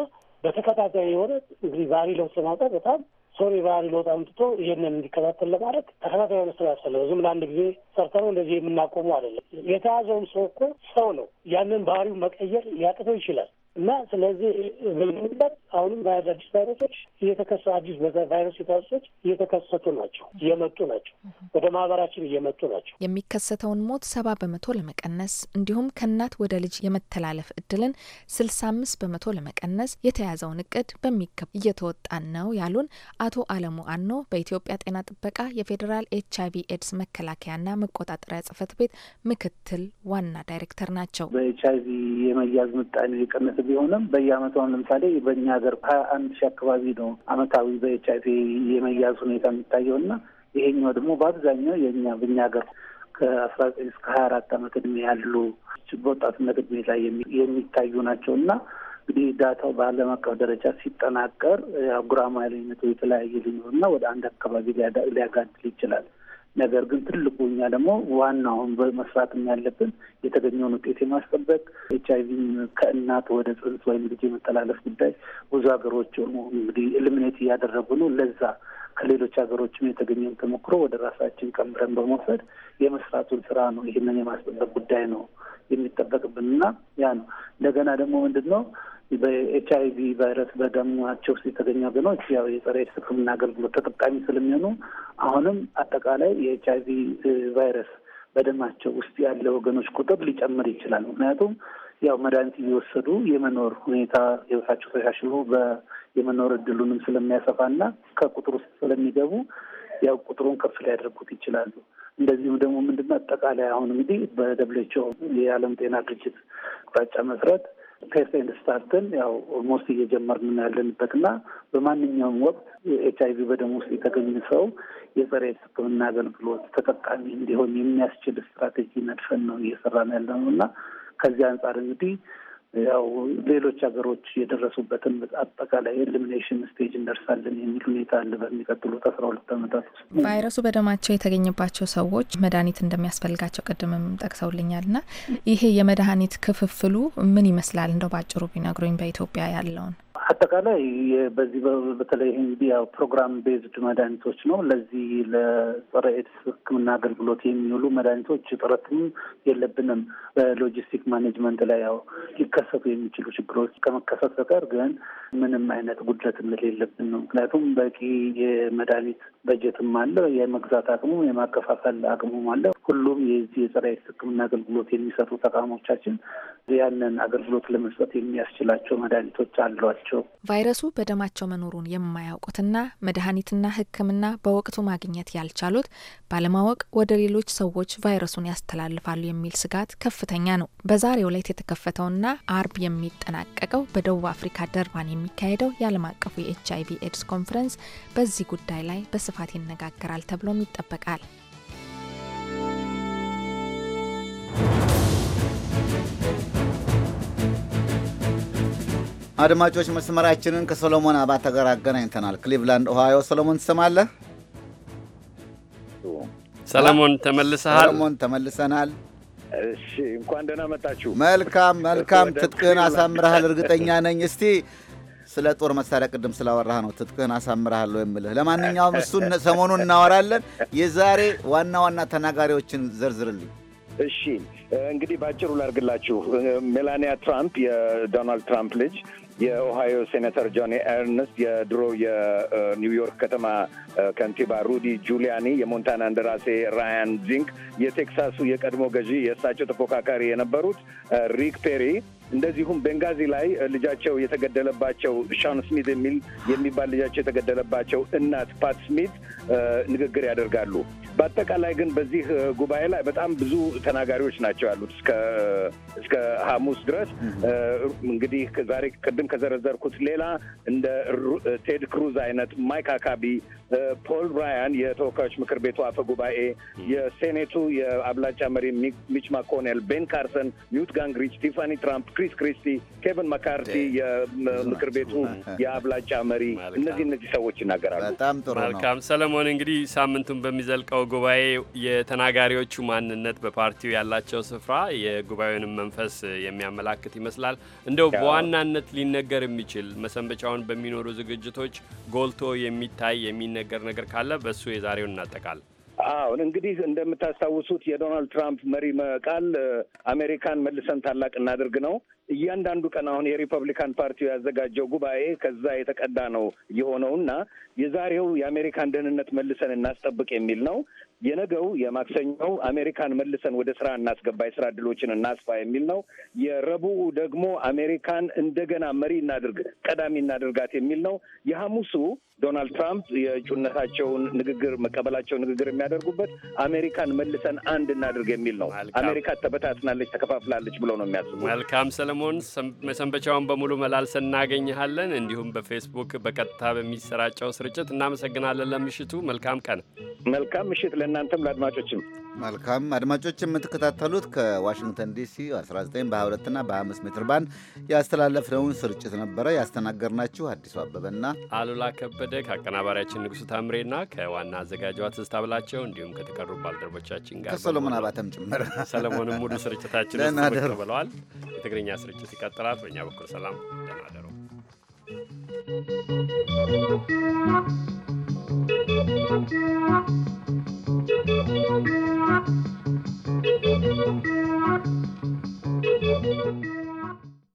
በተከታታይ የሆነ እንግዲህ ባህሪ ለውጥ ለማውጣት በጣም ሶሪ ባህሪ ለውጥ አምጥቶ ይህንን እንዲከታተል ለማድረግ ተከታታይ የሆነ ስራ ያስፈልጋል። ዝም ለአንድ ጊዜ ሰርተ ነው እንደዚህ የምናቆሙ አይደለም። የተያዘውም ሰው እኮ ሰው ነው። ያንን ባህሪው መቀየር ሊያቅተው ይችላል። እና ስለዚህ በምንበት አሁንም በአዳዲስ ቫይረሶች እየተከሰ አዲስ ቫይረስ ቫይረሶች እየተከሰቱ ናቸው እየመጡ ናቸው ወደ ማህበራችን እየመጡ ናቸው። የሚከሰተውን ሞት ሰባ በመቶ ለመቀነስ እንዲሁም ከእናት ወደ ልጅ የመተላለፍ እድልን ስልሳ አምስት በመቶ ለመቀነስ የተያዘውን እቅድ በሚገባ እየተወጣን ነው ያሉን አቶ አለሙ አኖ በኢትዮጵያ ጤና ጥበቃ የፌዴራል ኤች አይቪ ኤድስ መከላከያና መቆጣጠሪያ ጽህፈት ቤት ምክትል ዋና ዳይሬክተር ናቸው። በኤች አይቪ የመያዝ ምጣኔ የቀነሰ ቢሆንም በየአመቱ አሁን ለምሳሌ በእኛ ሀገር ሀያ አንድ ሺህ አካባቢ ነው አመታዊ በኤች አይቪ የመያዝ ሁኔታ የሚታየው እና ይሄኛው ደግሞ በአብዛኛው የኛ በእኛ ሀገር ከአስራ ዘጠኝ እስከ ሀያ አራት አመት እድሜ ያሉ በወጣትነት እድሜ ላይ የሚታዩ ናቸው እና እንግዲህ ዳታው በዓለም አቀፍ ደረጃ ሲጠናቀር ጉራማይሌነቱ የተለያየ እና ወደ አንድ አካባቢ ሊያጋድል ይችላል። ነገር ግን ትልቁ እኛ ደግሞ ዋናውን መስራትም ያለብን የተገኘውን ውጤት የማስጠበቅ ኤች አይቪ ከእናት ወደ ጽንስ ወይም ልጅ የመተላለፍ ጉዳይ ብዙ ሀገሮች እንግዲህ እልምኔት እያደረጉ ነው። ለዛ ከሌሎች ሀገሮችም የተገኘውን ተሞክሮ ወደ ራሳችን ቀምረን በመውሰድ የመስራቱን ስራ ነው ይህንን የማስጠበቅ ጉዳይ ነው የሚጠበቅብን እና ያ ነው እንደገና ደግሞ ምንድን ነው በኤች አይ ቪ ቫይረስ በደማቸው ውስጥ የተገኙ ወገኖች ያው የጸረ ኤድስ ሕክምና አገልግሎት ተጠቃሚ ስለሚሆኑ አሁንም አጠቃላይ የኤች አይ ቪ ቫይረስ በደማቸው ውስጥ ያለ ወገኖች ቁጥር ሊጨምር ይችላል። ምክንያቱም ያው መድኃኒት እየወሰዱ የመኖር ሁኔታ ህይወታቸው ተሻሽሎ የመኖር እድሉንም ስለሚያሰፋና ከቁጥር ውስጥ ስለሚገቡ ያው ቁጥሩን ከፍ ሊያደርጉት ይችላሉ። እንደዚሁም ደግሞ ምንድነው አጠቃላይ አሁን እንግዲህ በደብሌችኦ የዓለም ጤና ድርጅት አቅጣጫ መሰረት ከኤፍኤን ስታርትን ያው ኦልሞስት እየጀመርን ያለንበት እና በማንኛውም ወቅት ኤች አይቪ በደም ውስጥ የተገኘ ሰው የጸረ ኤድስ ሕክምና አገልግሎት ተጠቃሚ እንዲሆን የሚያስችል ስትራቴጂ ነድፈን ነው እየሰራን ያለ ነው እና ከዚህ አንጻር እንግዲህ ያው ሌሎች ሀገሮች የደረሱበትን አጠቃላይ ኤሊሚኔሽን ስቴጅ እንደርሳለን የሚል ሁኔታ አለ። በሚቀጥሉት አስራ ሁለት ዓመታት ውስጥ ቫይረሱ በደማቸው የተገኘባቸው ሰዎች መድኃኒት እንደሚያስፈልጋቸው ቅድምም ጠቅሰውልኛል እና ይሄ የመድኃኒት ክፍፍሉ ምን ይመስላል? እንደው ባጭሩ ቢነግሩኝ በኢትዮጵያ ያለውን አጠቃላይ በዚህ በተለይ እንግዲህ ያው ፕሮግራም ቤዝድ መድኃኒቶች ነው። ለዚህ ለጸረ ኤድስ ሕክምና አገልግሎት የሚውሉ መድኃኒቶች እጥረትም የለብንም። በሎጂስቲክ ማኔጅመንት ላይ ያው ሊከሰቱ የሚችሉ ችግሮች ከመከሰት በቀር ግን ምንም አይነት ጉድለት የለብን ነው። ምክንያቱም በቂ የመድኃኒት በጀትም አለ፣ የመግዛት አቅሙ የማከፋፈል አቅሙም አለ። ሁሉም የዚህ የጸረ ኤድስ ሕክምና አገልግሎት የሚሰጡ ተቋሞቻችን ያንን አገልግሎት ለመስጠት የሚያስችላቸው መድኃኒቶች አሏቸው። ቫይረሱ በደማቸው መኖሩን የማያውቁትና መድኃኒትና ሕክምና በወቅቱ ማግኘት ያልቻሉት ባለማወቅ ወደ ሌሎች ሰዎች ቫይረሱን ያስተላልፋሉ የሚል ስጋት ከፍተኛ ነው። በዛሬው ዕለት የተከፈተውና አርብ የሚጠናቀቀው በደቡብ አፍሪካ ደርባን የሚካሄደው የዓለም አቀፉ የኤች አይቪ ኤድስ ኮንፈረንስ በዚህ ጉዳይ ላይ በስፋት ይነጋገራል ተብሎም ይጠበቃል። አድማጮች መስመራችንን ከሰሎሞን አባተ ጋር አገናኝተናል። ክሊቭላንድ ኦሃዮ። ሰሎሞን ትሰማለህ? ሰለሞን ተመልሰሃል? ሰለሞን ተመልሰናል። እሺ እንኳን ደህና መጣችሁ። መልካም መልካም። ትጥቅህን አሳምረሃል እርግጠኛ ነኝ። እስቲ ስለ ጦር መሳሪያ ቅድም ስላወራህ ነው ትጥቅህን አሳምረሃል የምልህ። ለማንኛውም እሱን *laughs* ሰሞኑን እናወራለን። የዛሬ ዋና ዋና ተናጋሪዎችን ዘርዝርልኝ። እሺ እንግዲህ በአጭሩ ላርግላችሁ። ሜላኒያ ትራምፕ የዶናልድ ትራምፕ ልጅ የኦሃዮ ሴኔተር ጆኒ ኤርንስት፣ የድሮ የኒውዮርክ ከተማ ከንቲባ ሩዲ ጁሊያኒ፣ የሞንታና እንደራሴ ራያን ዚንክ፣ የቴክሳሱ የቀድሞ ገዢ የእሳቸው ተፎካካሪ የነበሩት ሪክ ፔሪ እንደዚሁም ቤንጋዚ ላይ ልጃቸው የተገደለባቸው ሻን ስሚት የሚል የሚባል ልጃቸው የተገደለባቸው እናት ፓት ስሚት ንግግር ያደርጋሉ። በአጠቃላይ ግን በዚህ ጉባኤ ላይ በጣም ብዙ ተናጋሪዎች ናቸው ያሉት እስከ ሐሙስ ድረስ። እንግዲህ ዛሬ ቅድም ከዘረዘርኩት ሌላ እንደ ቴድ ክሩዝ አይነት ማይክ አካቢ ፖል ብራያን የተወካዮች ምክር ቤቱ አፈ ጉባኤ፣ የሴኔቱ የአብላጫ መሪ ሚች ማኮኔል፣ ቤን ካርሰን፣ ኒውት ጋንግሪች፣ ስቲፋኒ ትራምፕ፣ ክሪስ ክሪስቲ፣ ኬቨን መካርቲ የምክር ቤቱ የአብላጫ መሪ፣ እነዚህ እነዚህ ሰዎች ይናገራሉ። በጣም ጥሩ መልካም ሰለሞን፣ እንግዲህ ሳምንቱን በሚዘልቀው ጉባኤ የተናጋሪዎቹ ማንነት፣ በፓርቲው ያላቸው ስፍራ የጉባኤውንም መንፈስ የሚያመላክት ይመስላል። እንደው በዋናነት ሊነገር የሚችል መሰንበቻውን በሚኖሩ ዝግጅቶች ጎልቶ የሚታይ የሚ የሚነገር ነገር ካለ በእሱ የዛሬውን እናጠቃል። አሁን እንግዲህ እንደምታስታውሱት የዶናልድ ትራምፕ መሪ ቃል አሜሪካን መልሰን ታላቅ እናድርግ ነው። እያንዳንዱ ቀን አሁን የሪፐብሊካን ፓርቲው ያዘጋጀው ጉባኤ ከዛ የተቀዳ ነው የሆነው እና የዛሬው የአሜሪካን ደህንነት መልሰን እናስጠብቅ የሚል ነው። የነገው የማክሰኛው አሜሪካን መልሰን ወደ ስራ እናስገባ፣ የስራ እድሎችን እናስፋ የሚል ነው። የረቡዑ ደግሞ አሜሪካን እንደገና መሪ እናድርግ፣ ቀዳሚ እናድርጋት የሚል ነው። የሐሙሱ ዶናልድ ትራምፕ የእጩነታቸውን ንግግር መቀበላቸው ንግግር የሚያደርጉበት አሜሪካን መልሰን አንድ እናድርግ የሚል ነው። አሜሪካ ተበታትናለች፣ ተከፋፍላለች ብሎ ነው የሚያስቡ። መልካም ሰለሞን፣ መሰንበቻውን በሙሉ መላልሰ እናገኝሃለን። እንዲሁም በፌስቡክ በቀጥታ በሚሰራጨው ስርጭት እናመሰግናለን። ለምሽቱ መልካም ቀን፣ መልካም ምሽት ለእናንተም ለአድማጮችም። መልካም አድማጮች የምትከታተሉት ከዋሽንግተን ዲሲ 19 በ22 እና በ25 ሜትር ባንድ ያስተላለፍነውን ስርጭት ነበረ። ያስተናገርናችሁ አዲሱ አበበና አሉላ ከበደ ከአቀናባሪያችን ንጉሱ ታምሬና ከዋና አዘጋጇ ትዝታ ብላቸው እንዲሁም ከተቀሩ ባልደረቦቻችን ጋር ከሰሎሞን አባተም ጭምር ሰለሞንም ሙሉ ስርጭታችን ብለዋል። የትግርኛ ስርጭት ይቀጥላል። በእኛ በኩል ሰላም፣ ደናደሩ Thank you. Thank you.